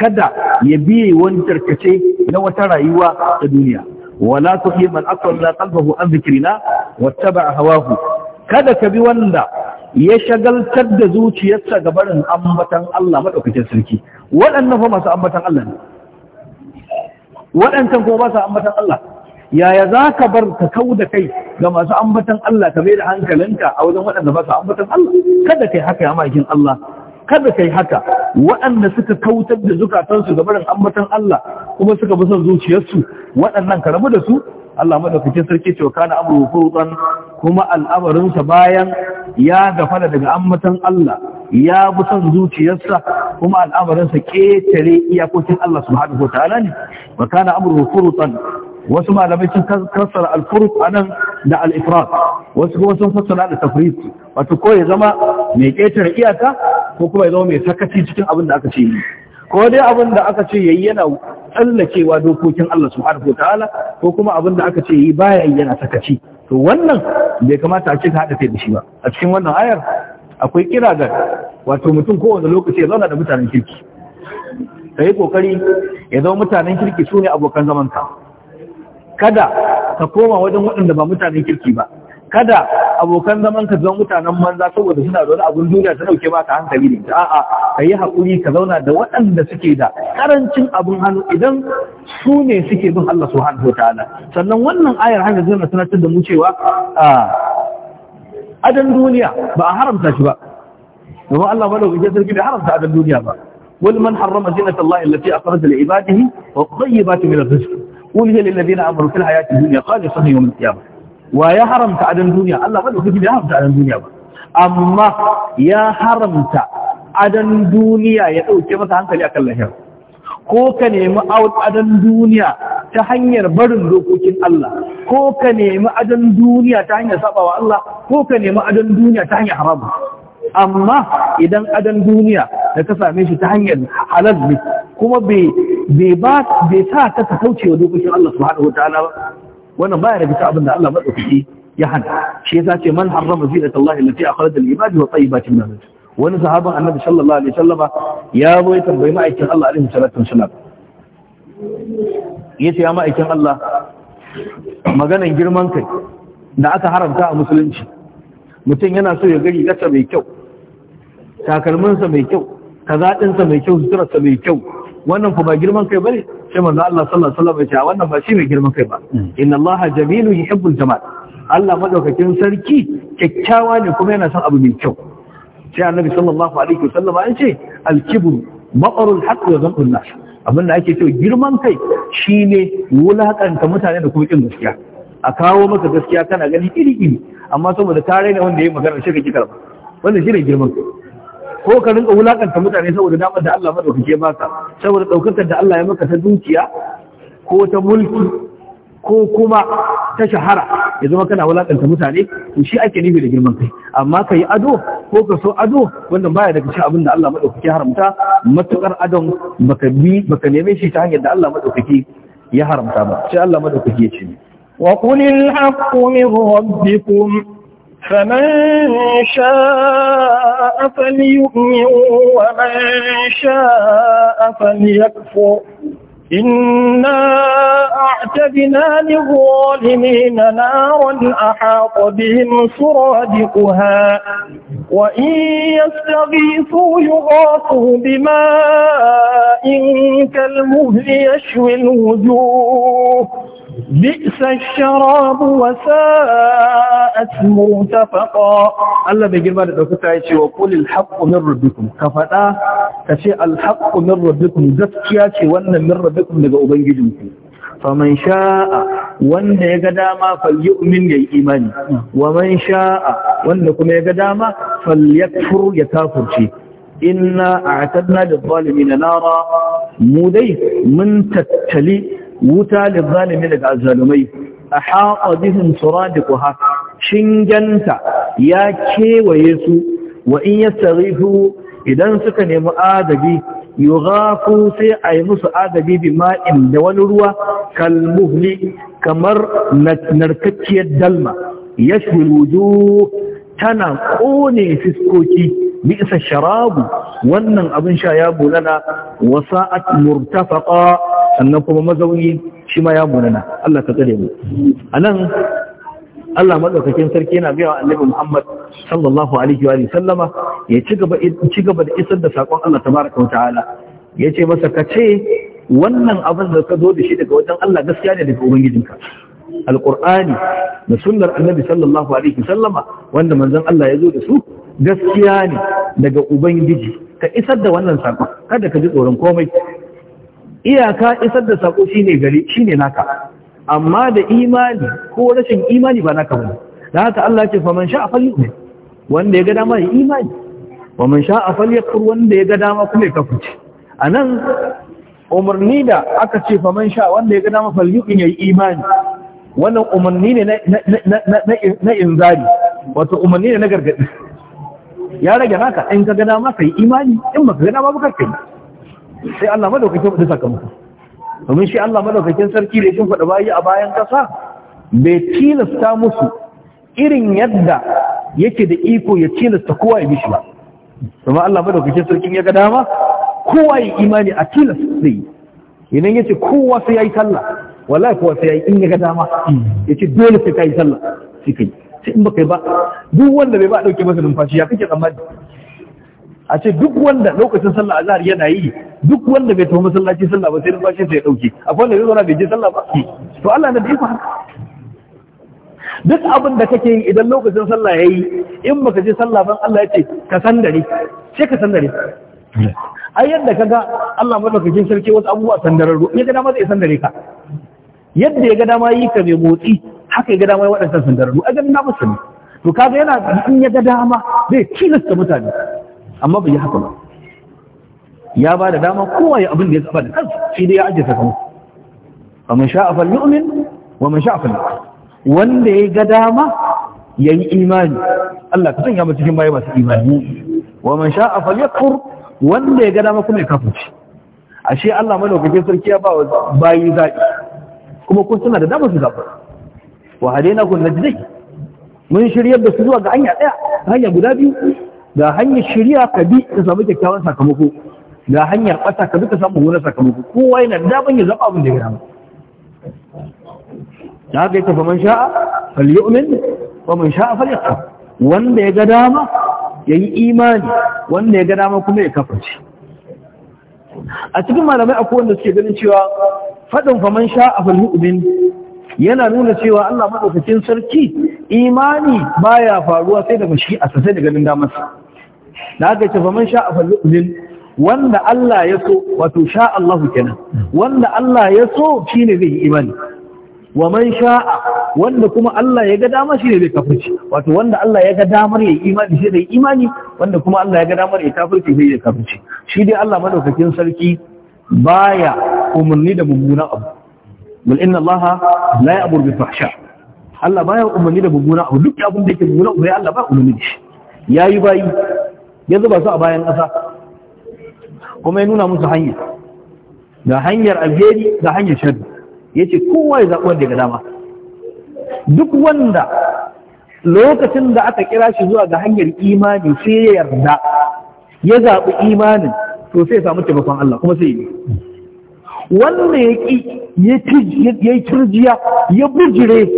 kada ya biye wani tarkace na wata rayuwa ta duniya wala tuhi man aqalla qalbahu an dhikrina wattaba hawahu kada ka bi wanda ya shagaltar da zuciyarsa ga barin ambatan Allah madaukakin sarki waɗannan fa masu ambatan Allah ne waɗancan kuma ba su ambatan Allah yaya za ka bar ka kau da kai ga masu ambatan Allah ka bai da hankalinka a wajen waɗanda ba su ambatan Allah kada kai haka ya makin Allah kada kai haka waɗanda suka kautar da zukatansu ga barin ambatan Allah kuma suka bi son zuciyarsu waɗannan ka rabu da su Allah madaukakin sarki cewa kana amru furutan kuma al'amarinsa bayan ya gafala daga ambatan Allah ya bi son zuciyarsa kuma al'amarinsa ketare iyakokin Allah subhanahu ta'ala ne wa kana amru furutan wasu malamai sun kasar alfuruk a nan da al'ifrat wasu kuma sun fassara da tafrit wato ko ya zama mai ƙetare iyaka ko kuma ya zama mai sakaci cikin abin da aka ce yi ko dai abin da aka ce yayi yana tsallakewa dokokin Allah subhanahu ala, ko kuma abin da aka ce yi baya yana sakaci to wannan bai kamata a cika haɗa kai da shi ba a cikin wannan ayar akwai kira ga wato mutum kowane lokaci ya zauna da mutanen kirki Kayi yi kokari ya zama mutanen kirki su ne abokan zamanka kada ka koma wajen waɗanda ba mutanen kirki ba kada abokan zaman ka zama mutanen manza saboda suna da wani abun duniya ta dauke baka hankali ne a'a ka yi hakuri ka zauna da waɗanda suke da karancin abun hannu idan su ne suke bin Allah subhanahu wataala sannan wannan ayar haka zai tunatar da mu cewa A adan duniya ba a haramta shi ba domin Allah madaukakin sarki bai haramta adan duniya ba wal man harrama zinata Allah allati akhraja li ibadihi wa tayyibati min ar qul hiya lil ladina amanu fil hayati dunya khalisatan yawm al qiyamah wa ya haramta adon duniya Allah ba duk ya haramta adan duniya ba amma ya haramta adan duniya ya dauke masa hankali akan lahira ko ka nemi adan duniya ta hanyar barin dokokin Allah ko ka nemi adon duniya ta hanyar sabawa Allah ko ka nemi adon duniya ta hanyar haramu amma idan adon duniya da ka same shi ta hanyar halal kuma bai bai sa ta ta kauce wa dokokin Allah subhanahu wataala ba wannan ba ya cikin abin da Allah madaukaki ya hana shi ya ce man da zinata Allah allati akhraja lil ibadi wa tayyibatin min wani sahaban annabi sallallahu alaihi wasallam ya zo ya tambayi ma'aikin Allah alaihi salatu wasallam ce ya ma'aikin Allah maganan girman kai da aka haramta a musulunci mutum yana so ya gari gasa mai kyau takalminsa mai kyau kazaɗinsa mai kyau suturarsa mai kyau wannan ku ba girman kai bane sai manzo Allah sallallahu alaihi wasallam ya ce wannan ba ne girman kai ba hmm. inna Allaha jamilu yuhibbul jamal Allah madaukakin sarki kyakkyawa ne kuma yana son abu mai kyau sai annabi sallallahu alaihi wasallam an ce al-kibru maqarul haqq wa zamtul nas abinda ake cewa girman kai shine wulakanta mutane da kuma kin gaskiya a kawo maka gaskiya kana gani iri iri amma saboda tare ne wanda yi magana shi kake karba wannan shine girman kai ko ka rinka wulakanta mutane saboda damar da Allah madaukake maka, saboda daukakar da Allah ya maka ta dukiya ko ta mulki ko kuma ta shahara ya zama kana wulakanta mutane to shi ake nufi da girman kai amma ka yi ado ko ka so ado wannan baya daga cikin abin da Allah madaukake haramta matukar adon baka bi baka neme shi ta hanyar da Allah madaukake ya haramta ba sai Allah madaukake ya ce wa qulil haqqu min rabbikum فمن شاء فليؤمن ومن شاء فليكفر إنا أعتدنا للظالمين نارا أحاط بهم سرادقها وإن يستغيثوا يغاثوا بماء كالمهل يشوي الوجوه بئس الشراب وساءت مرتفقا الله bai girma da dauka ya ce wa qulil haqqu min rabbikum ka fada ka ce al haqqu min rabbikum gaskiya ce wannan min rabbikum daga ubangijinku faman sha'a wanda ya ga dama Fal falyu'min yayi imani wa man sha'a wanda kuma ya ga dama falyakfur ya kafurce inna a'tadna lil zalimin nara mu dai mun tattali wuta lizzalimi daga azzalumai a haƙa bihin shinganta ya kewaye su wa in yastaghifu idan suka nemi adabi yughafu sai a yi musu adabi bi ma'in da wani ruwa kalmuhli kamar narkakkiyar dalma yashwil wujuh tana ƙone fiskoki bisa sharabu wannan abin sha ya bulana wasa'at murtafaqa sannan kuma mazauni shi ma ya munana Allah ka tsare mu A nan, Allah madaukakin sarki yana gaya wa Annabi Muhammad sallallahu alaihi wa sallama ya ci gaba da isar da sakon Allah tabaraka wa ta'ala ce masa ka ce wannan abin da ka zo da shi daga wajen Allah gaskiya ne daga ubangijinka alqur'ani da sunnar Annabi sallallahu alaihi wa sallama wanda manzon Allah ya zo da su gaskiya ne daga ubangiji ka isar da wannan sakon kada ka ji tsoron komai iyaka isar da sako ne gari shi ne naka amma da imani ko rashin imani ba naka ba da haka Allah ce faman sha'a falyu'min wanda ya ga dama ya imani sha a sha'a falyakfur wanda ya ga dama kuma ya A nan, umarni da aka ce faman sha wanda ya ga dama ya yi imani wannan umarni ne na inzari wato umarni ne na gargadi ya rage naka in ka ga dama yi imani in baka ga dama ba kai sai Allah madaukakin faɗi sakamako domin shi Allah madaukakin sarki da kin faɗa bayi a bayan ƙasa bai tilasta musu irin yadda yake da iko ya tilasta kowa ya bishi ba domin Allah madaukakin sarki ya ga dama kowa ya imani a tilasta zai idan yace kowa sai yayi sallah wallahi kowa sai yayi in ya ga dama yace dole sai kai sallah sai kai sai in baka ba duk wanda bai ba dauke masa numfashi ya kake tsammani a ce duk wanda lokacin sallah azhar yana yi duk wanda bai tafi masallaci sallah ba sai numfashin sa ya dauke akwai wanda zai zauna bai je sallah ba to Allah na da iko haka duk abin da kake yi idan lokacin sallah yayi in baka je sallah ban Allah ya ce ka san dare sai ka san dare ai yadda kaga Allah madaukakin sarki wasu abubuwa sandararru ya ga dama zai san dare ka yadda ya ga dama yi ka mai motsi haka ya ga dama yi waɗansan sandararru a ganin na musulmi to kaga yana in ya ga dama zai tilasta mutane amma bai yi haka ba ya ba da dama kowa ya abin da ya saba da kansu shi dai ya ajiye sakamako faman sha'a falyu'min wa man sha'a falyu'min wanda ya ga dama ya yi imani Allah ka sanya mu cikin bayi masu imani wa man sha'a falyakfur wanda ya ga dama kuma ya kafirci ashe Allah malaukakin sarki ya ba wa bayi zaɓi kuma kun suna da dama su zaɓi wa hadaina kun najdi mun shiryar da su zuwa ga hanya ɗaya hanya guda biyu ga hanyar shirya ka bi ka samu kyakkyawan sakamako ga hanyar ɓata ka bi ka samu hunar sakamako kowa yana da daban ya zaɓa abin da ya rama da haka yake faman sha'a falyu'min faman sha'a falyakfur wanda ya ga dama ya yi imani wanda ya ga dama kuma ya kafarci a cikin malamai akwai wanda suke ganin cewa faɗin faman sha'a falyu'min yana nuna cewa Allah maɗaukacin sarki imani baya faruwa sai da mashi a sai da ganin damarsa da aka ce faman sha a fallu'ulin wanda Allah ya so wato sha Allah kenan wanda Allah ya so shi ne zai imani wa man sha'a wanda kuma Allah ya ga dama shi ne zai kafirci wato wanda Allah ya ga damar ya imani shi zai imani wanda kuma Allah ya ga damar ya kafirci zai ya kafirci shi dai Allah madaukakin sarki baya umarni da mummunan abu bal inna Allah la ya'mur bi fahsha Allah baya umarni da mummunan abu duk abin da yake mummunan abu Allah ba umarni da shi yayi bayi ya zuba su a bayan ƙasa kuma ya nuna musu hanyar. da hanyar alheri da hanyar shaddu ya ce kowa ya zaɓuwar wanda ga dama duk wanda lokacin da aka kira shi zuwa ga hanyar imani sai ya yarda ya zaɓi imanin to sai samu taimakon Allah kuma sai yi wanda ya ƙi ya yi turjiya ya bujire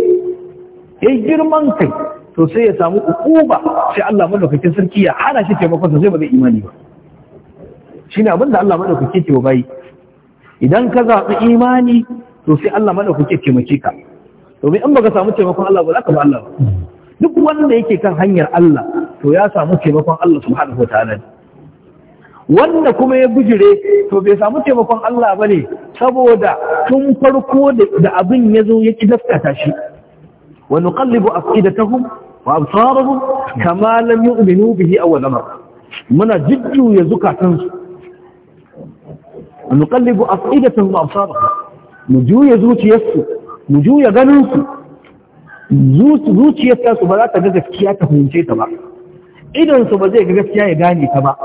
ya yi girman kai to sai ya samu ukuba sai Allah madaukakin sarki ya hana shi taimakon sa sai ba zai imani ba shine abin da Allah madaukake ke bai? idan ka zaɓi imani to sai Allah madaukake taimake ka domin in baka samu taimakon Allah ba za ka ba Allah ba duk wanda yake kan hanyar Allah to ya samu taimakon Allah subhanahu wataala wanda kuma ya bujire to bai samu taimakon Allah ba ne saboda tun farko da abin ya zo ya ƙi daskata shi wa nuqallibu af'idatahum wa absarahum kama lam yu'minu bihi awwal marra muna jujjuya zukatansu nuqallibu af'idatahum wa absarahum mu juya zuciyarsu mu juya ganinsu zuciyarsa ba za ta ga gaskiya ta hunce ta ba Idonsu ba zai ga gaskiya ya gane ta ba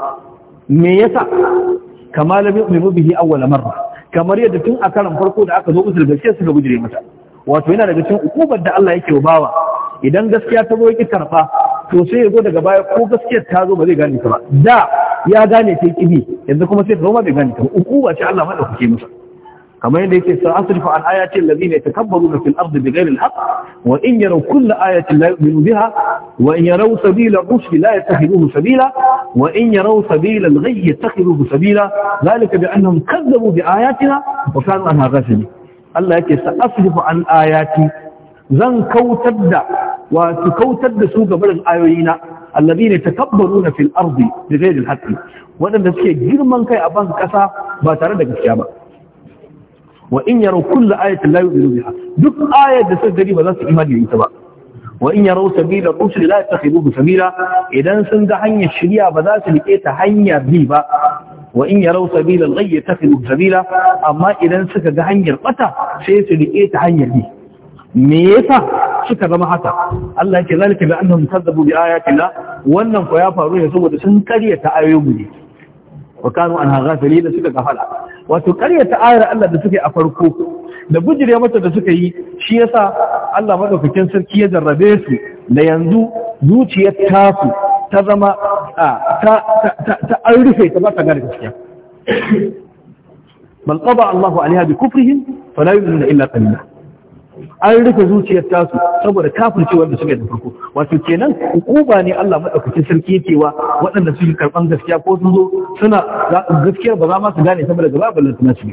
me yasa kama lam yu'minu kamar yadda tun a karan farko da aka zo usul gaskiya suka bujire masa. wato yana daga cikin ukubar da Allah yake wa bawa idan gaskiya ta zo ki karfa to sai ya zo daga baya ko gaskiyar ta zo ba zai gane ta ba da ya gane ta kibi yanzu kuma sai ta zama ma bai gane ta ba uku ba ce Allah ma da kuke kamar yadda yake sa asrifu an ayati allazina yatakabbaruna fil ardi bighayri alhaq wa in yaraw kull ayatin la yu'minu biha wa in yaraw sabila ar-rushd la yattakhidhuhu sabila wa in yaraw sabila al-ghayy yattakhidhuhu sabila dhalika bi annahum kadzabu bi ayatina wa kanu anha ghafilin Allah yake sa asrifu an ayati zan kautar da wato kautar da su gabarin ne allazina takabbaruna fil ardi bighayri al-haqqi wadanda suke girman kai a ban kasa ba tare da gaskiya ba wa in yaraw kullu ayatin la yu'minu biha duk ayar da suka gari ba za su imani da ita ba wa in yaraw sabila rusul la yattakhiduhu sabila idan sun ga hanyar shari'a ba za su rike ta hanya bi ba wa in yaraw sabila al-ghayy yattakhiduhu sabila amma idan suka ga hanyar bata sai su rike ta hanyar bi me yasa suka zama haka Allah yake zalika bi annahum kazzabu bi ayatina wannan ko ya faru ne saboda sun ta ayoyin ne wa kanu anha ghafilin suka gafala wato karyata ayar Allah da suke a farko da bujire mata da suka yi shi yasa Allah madaukakin sarki ya jarrabe su da yanzu zuciyar su ta zama ta ta an rufe ta ba gane gaskiya bal qada Allahu alaiha bi kufrihim fala yu'minu illa qalila an rufe zuciyar tasu saboda kafirce wanda suka da farko wato kenan hukuma ne Allah madaukakin sarki cewa wa waɗanda suke karɓan gaskiya ko sun zo suna gaskiyar ba za ma su gane saboda gaba ballan suna su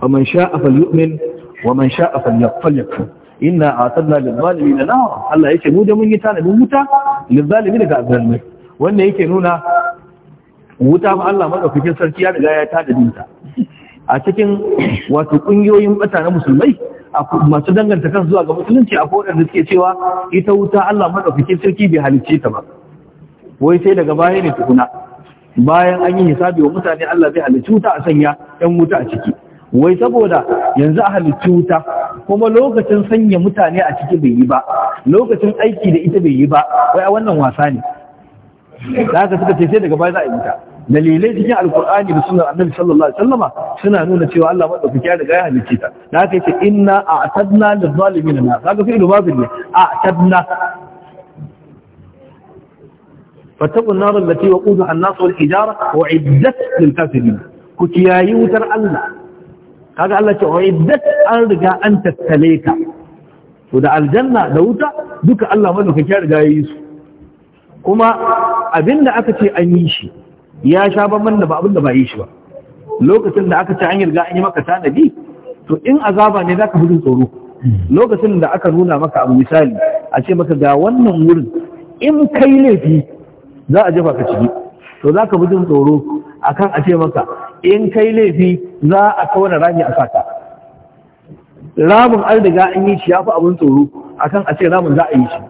fa man sha'a falyu'min wa man sha'a falyakfur inna a'tadna lil na nar Allah yake mu da mun yi tanadin wuta lil zalimin daga azalmai wannan yake nuna wuta ma Allah madaukakin sarki ya riga ya tanadin ta a cikin wato kungiyoyin mutanen musulmai masu danganta kan zuwa ga musulunci a kodar da suke cewa ita wuta Allah madaukakin sarki bai halicce ta ba wai sai daga baya ne tukuna bayan an yi hisabi wa mutane Allah zai halicci wuta a sanya 'yan wuta a ciki wai saboda yanzu a halicci wuta kuma lokacin sanya mutane a ciki bai yi ba lokacin aiki da ita bai yi ba wai a wannan wasa ne da suka ce sai daga baya za a yi wuta dalilai cikin alkur'ani da sunan annabi sallallahu alaihi wasallama suna nuna cewa Allah madaukaki ya riga ya halicce ta da haka yace inna a'tadna lizalimin na kaga fi ilu mazil ne a'tadna fattaqu an-nar allati waqudaha an-nas wal hijara u'iddat lil kafirin ku kiyayi wutar Allah kaga Allah ce u'iddat an riga an tattale ta to da aljanna da wuta duka Allah madaukaki ya riga ya yi su kuma abinda aka ce an yi shi ya sha bamban da ba abin da ba yi shi ba lokacin da aka ci an riga an yi maka tanadi to in azaba ne zaka fi tsoro lokacin da aka nuna maka abu misali a ce maka ga wannan wurin in kai laifi za a jefa ka ciki to zaka fi tsoro akan a ce maka in kai laifi za a kawana rami a saka ramin an riga an yi shi ya fi abin tsoro akan a ce ramin za a yi shi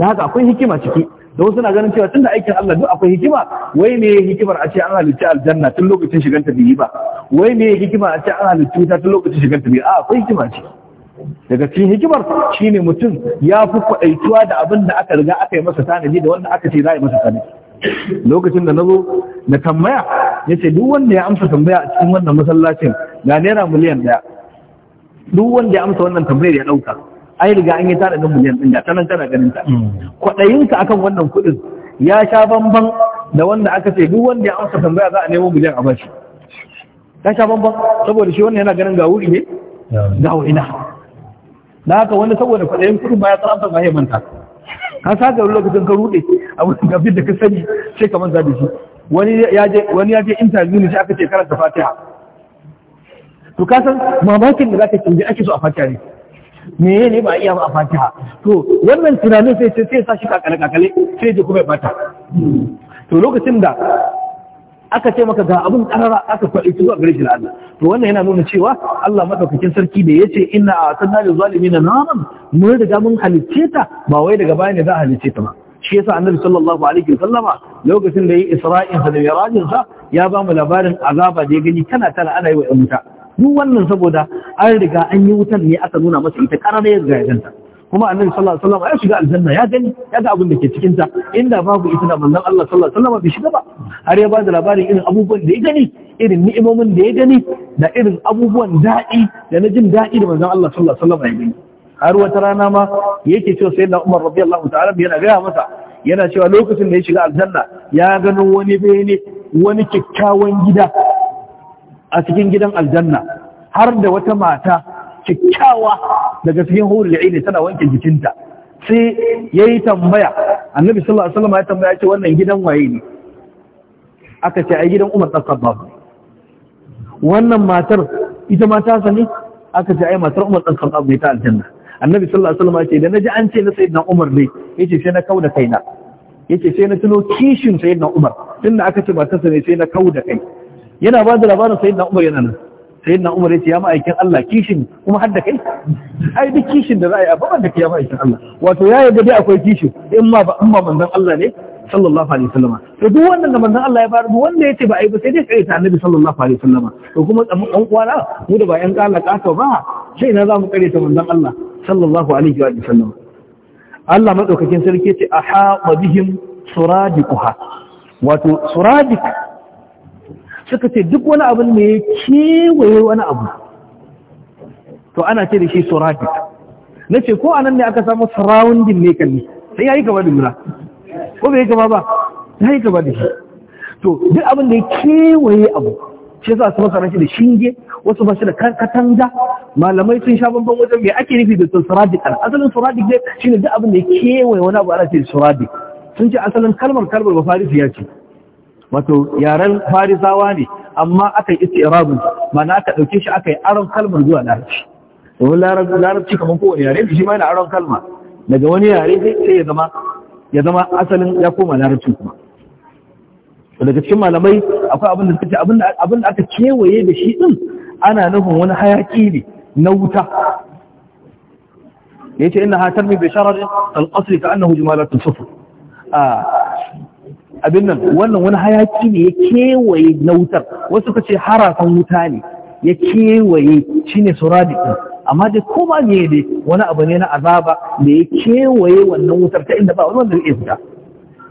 da haka akwai hikima ciki don suna ganin cewa tun da aikin Allah duk akwai hikima wai me hikimar a ce an halitta aljanna tun lokacin shigar ta biyi ba wai me hikima a ce an halitta wuta tun lokacin shigar ta biyi a akwai hikima ce daga cikin hikimar shine mutum ya fi kwaɗaituwa da abin da aka riga aka yi masa tanadi da wanda aka ce za a yi masa tanadi lokacin da na zo na tambaya ya ce duk wanda ya amsa tambaya a cikin wannan masallacin ga naira miliyan ɗaya duk wanda ya amsa wannan tambayar ya ɗauka ai riga an yi tara ga miliyan ɗin da tanan tana ganin ta mm. kwaɗayinka akan wannan kuɗin ya sha bamban da wanda aka ce duk wanda ya amsa tambaya za a nemo miliyan a bashi ya sha bamban saboda shi wannan yana ganin ga wuri ne ga Na da haka wanda saboda kwaɗayin kuɗin ba ya tsaranta ba ya manta ka sa wani lokacin ka ruɗe abin gabin da ka sani sai ka manta da shi wani ya je interview ne sai aka ce karanta fatiha to kasan mamakin da za ka canji ake so a fatiha ne me ne ba iya ba a fatiha to wannan tunanin sai sai sai sashi kakale kakale sai ji kuma bata to lokacin da aka ce maka ga abun karara aka faɗi zuwa gare shi Allah to wannan yana nuna cewa Allah madaukakin sarki da yace inna atanna lil zalimin naran mun riga mun halicce ta ba wai daga baya ne za a halicce ta ba shi yasa annabi sallallahu alaihi wasallama lokacin da yi isra'in da mirajin sa ya ba mu labarin azaba da ya gani tana tana ana yi wa yan wuta duk wannan saboda an riga an yi wutar ne aka nuna masa ita karara ya riga ya ganta kuma annabi sallallahu alaihi wasallam ya shiga aljanna ya gani ya ga abin da ke cikin ta inda babu ita da manzon Allah sallallahu alaihi wasallam bai shiga ba har ya bada labarin irin abubuwan da ya gani irin ni'imomin da ya gani da irin abubuwan daɗi da na jin daɗi da manzon Allah sallallahu alaihi wasallam ya gani har wata rana ma yake cewa sayyidina Umar radiyallahu ta'ala yana gaya masa yana cewa lokacin da ya shiga aljanna ya gano wani bene wani kyakkyawan gida a cikin gidan aljanna har da wata mata kyakkyawa daga cikin hurul aini tana wanke jikinta sai ya yi tambaya annabi sallallahu alaihi wasallam ya tambaya ce wannan gidan waye ne aka ce ai gidan Umar dan wannan matar ita mata sa ne aka ce ai matar Umar dan Khattab ne ta aljanna annabi sallallahu alaihi wasallam ya ce da naji an ce na sayyidina Umar ne yace sai na kauda kaina yace sai na tuno kishin sayyidina Umar tunda aka ce matar sa ne sai na kauda kai yana ba da labarin sayyidina umar yana nan sayyidina umar ya ce ya ma'aikin Allah kishin kuma har da kai ai duk kishin da za a yi ababan da ke ya ma'aikin Allah wato ya yarda dai akwai kishin in ma ba in ma manzon Allah ne sallallahu alaihi wasallam to duk wannan da manzon Allah ya bar duk wanda yace ba ai ba sai dai kai ta annabi sallallahu alaihi wasallam to kuma dan uwana mu da ba yan kala kato ba sai na zamu kare ta manzon Allah sallallahu alaihi wa sallam Allah madaukakin sarki ce aha wa bihim suradiquha wato suradik suka ce duk wani abin da kewaye wani abu to ana ce da shi surafi na ce ko anan ne aka samu surrounding ne kalli sai ya yi gaba da lura ko bai yi gaba ba ya yi gaba da shi to duk abin da ya kewaye abu shi za su masa rashi da shinge wasu ba shi da katanga malamai sun sha bambam wajen mai ake nufi da surafi a asalin surafi ne shi ne duk abin da ya kewaye wani abu ana ce surafi sun ce asalin kalmar kalmar ba farisi ya ce wato yaren farisawa ne amma aka yi istirabin mana aka ɗauke shi aka yi aron kalmar zuwa larabci domin larabci kamar kowane yare shi ma yana aron kalma daga wani yare sai ya zama ya zama asalin ya koma larabci kuma daga cikin malamai akwai abin da suka ce abin da aka kewaye da shi din ana nufin wani hayaki ne na wuta yace inna ha tarmi bi shararin al-qasri ka annahu jumalatun sufur abin nan wannan wani hayaki ne ya kewaye na wutar wasu ka ce harafan wuta ne ya kewaye shi ne suradiƙin amma dai koma ne dai wani abu ne na azaba da ya kewaye wannan wutar ta inda ba wani wanda zai fita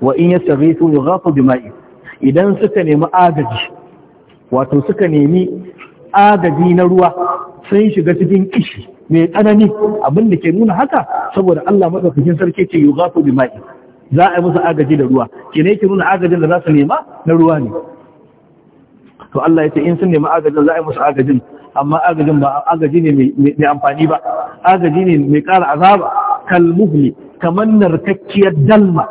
wa in ya sarri su ya gafu bima'i idan suka nemi agaji wato suka nemi agaji na ruwa sun shiga cikin kishi mai tsanani abin da ke nuna haka saboda Allah madaukakin sarki ce yi gafu bima'i za a yi musu agaji da ruwa ke ne yake nuna agajin da za su nema na ruwa ne to Allah ya ce in sun nema agajin za a yi musu agajin amma agajin ba agaji ne mai amfani ba agaji ne mai ƙara azaba kalmuhli kamar narkakkiyar dalma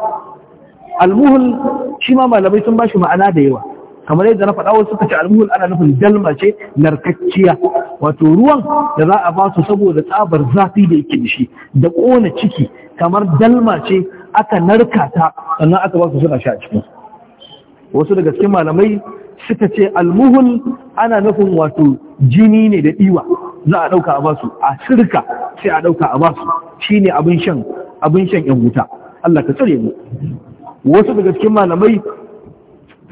almuhul shi ma malamai sun ba shi ma'ana da yawa kamar yadda na faɗa wasu suka ce almuhul ana nufin dalma ce narkakkiya wato ruwan da za a ba su saboda tsabar zafi da yake da shi da ƙona ciki kamar dalma ce aka narka ta sannan aka ba su suna sha a cikin wasu daga cikin malamai suka ce almuhul ana nufin wato jini ne da diwa za a ɗauka a basu a shirka sai a ɗauka a basu shine abin shan abin shan yan wuta Allah ka tsare mu wasu daga cikin malamai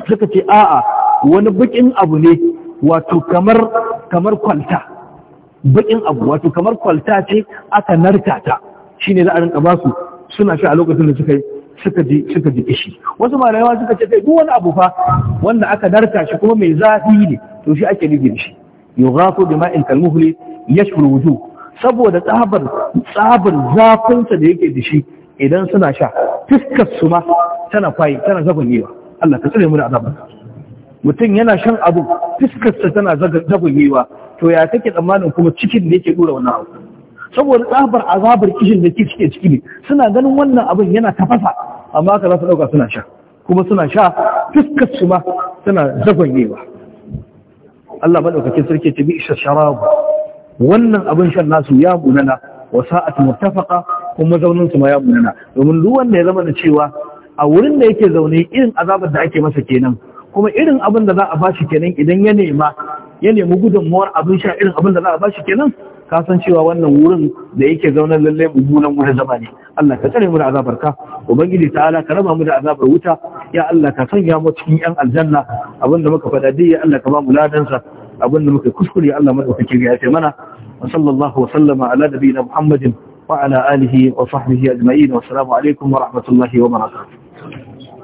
suka ce a'a wani bukin abu ne wato kamar kamar kwalta bukin abu wato kamar kwalta ce aka narka ta shine za a rinka basu suna sha a lokacin da suka suka ji suka wasu malamai suka ce kai duk wani abu fa wanda aka narka shi kuma mai zafi ne to shi ake rige shi yughafu bima'in kalmuhli yashful wujuh saboda tsabar tsabar zafinsa da yake da shi idan suna sha fuskar su ma tana fayi tana zabanyewa Allah ka tsare mu da azabar mutum yana shan abu fuskar sa tana zabanyewa to ya kake tsammanin kuma cikin da yake dura wannan abu saboda tsabar azabar kishin da ke cike ciki ne suna ganin wannan abin yana tafasa amma haka za su ɗauka suna sha kuma suna sha fuskar su ma suna zafanyewa Allah maɗaukakin sarki ta bi isa sharabu wannan abin shan nasu ya munana wa sa'at murtafaka kuma zaunin su ma ya munana domin ruwan da ya zama da cewa a wurin da yake zaune irin azabar da ake masa kenan kuma irin abin da za a bashi kenan idan ya nema ya nemi gudunmuwar abin sha irin abin da za a bashi kenan ka san cewa wannan wurin da yake zaune lalle mummunan wurin zama ne Allah ka tsare mu da azabar ka ubangiji ta'ala ka raba mu da azabar wuta ya Allah ka sanya mu cikin yan aljanna abinda muka faɗa dai ya Allah ka ba mu ladan sa abinda muka kuskure ya Allah madaukake ya yafe mana wa sallallahu wa sallama ala nabiyina muhammadin wa ala alihi wa sahbihi ajma'in wa assalamu alaikum wa rahmatullahi wa barakatuh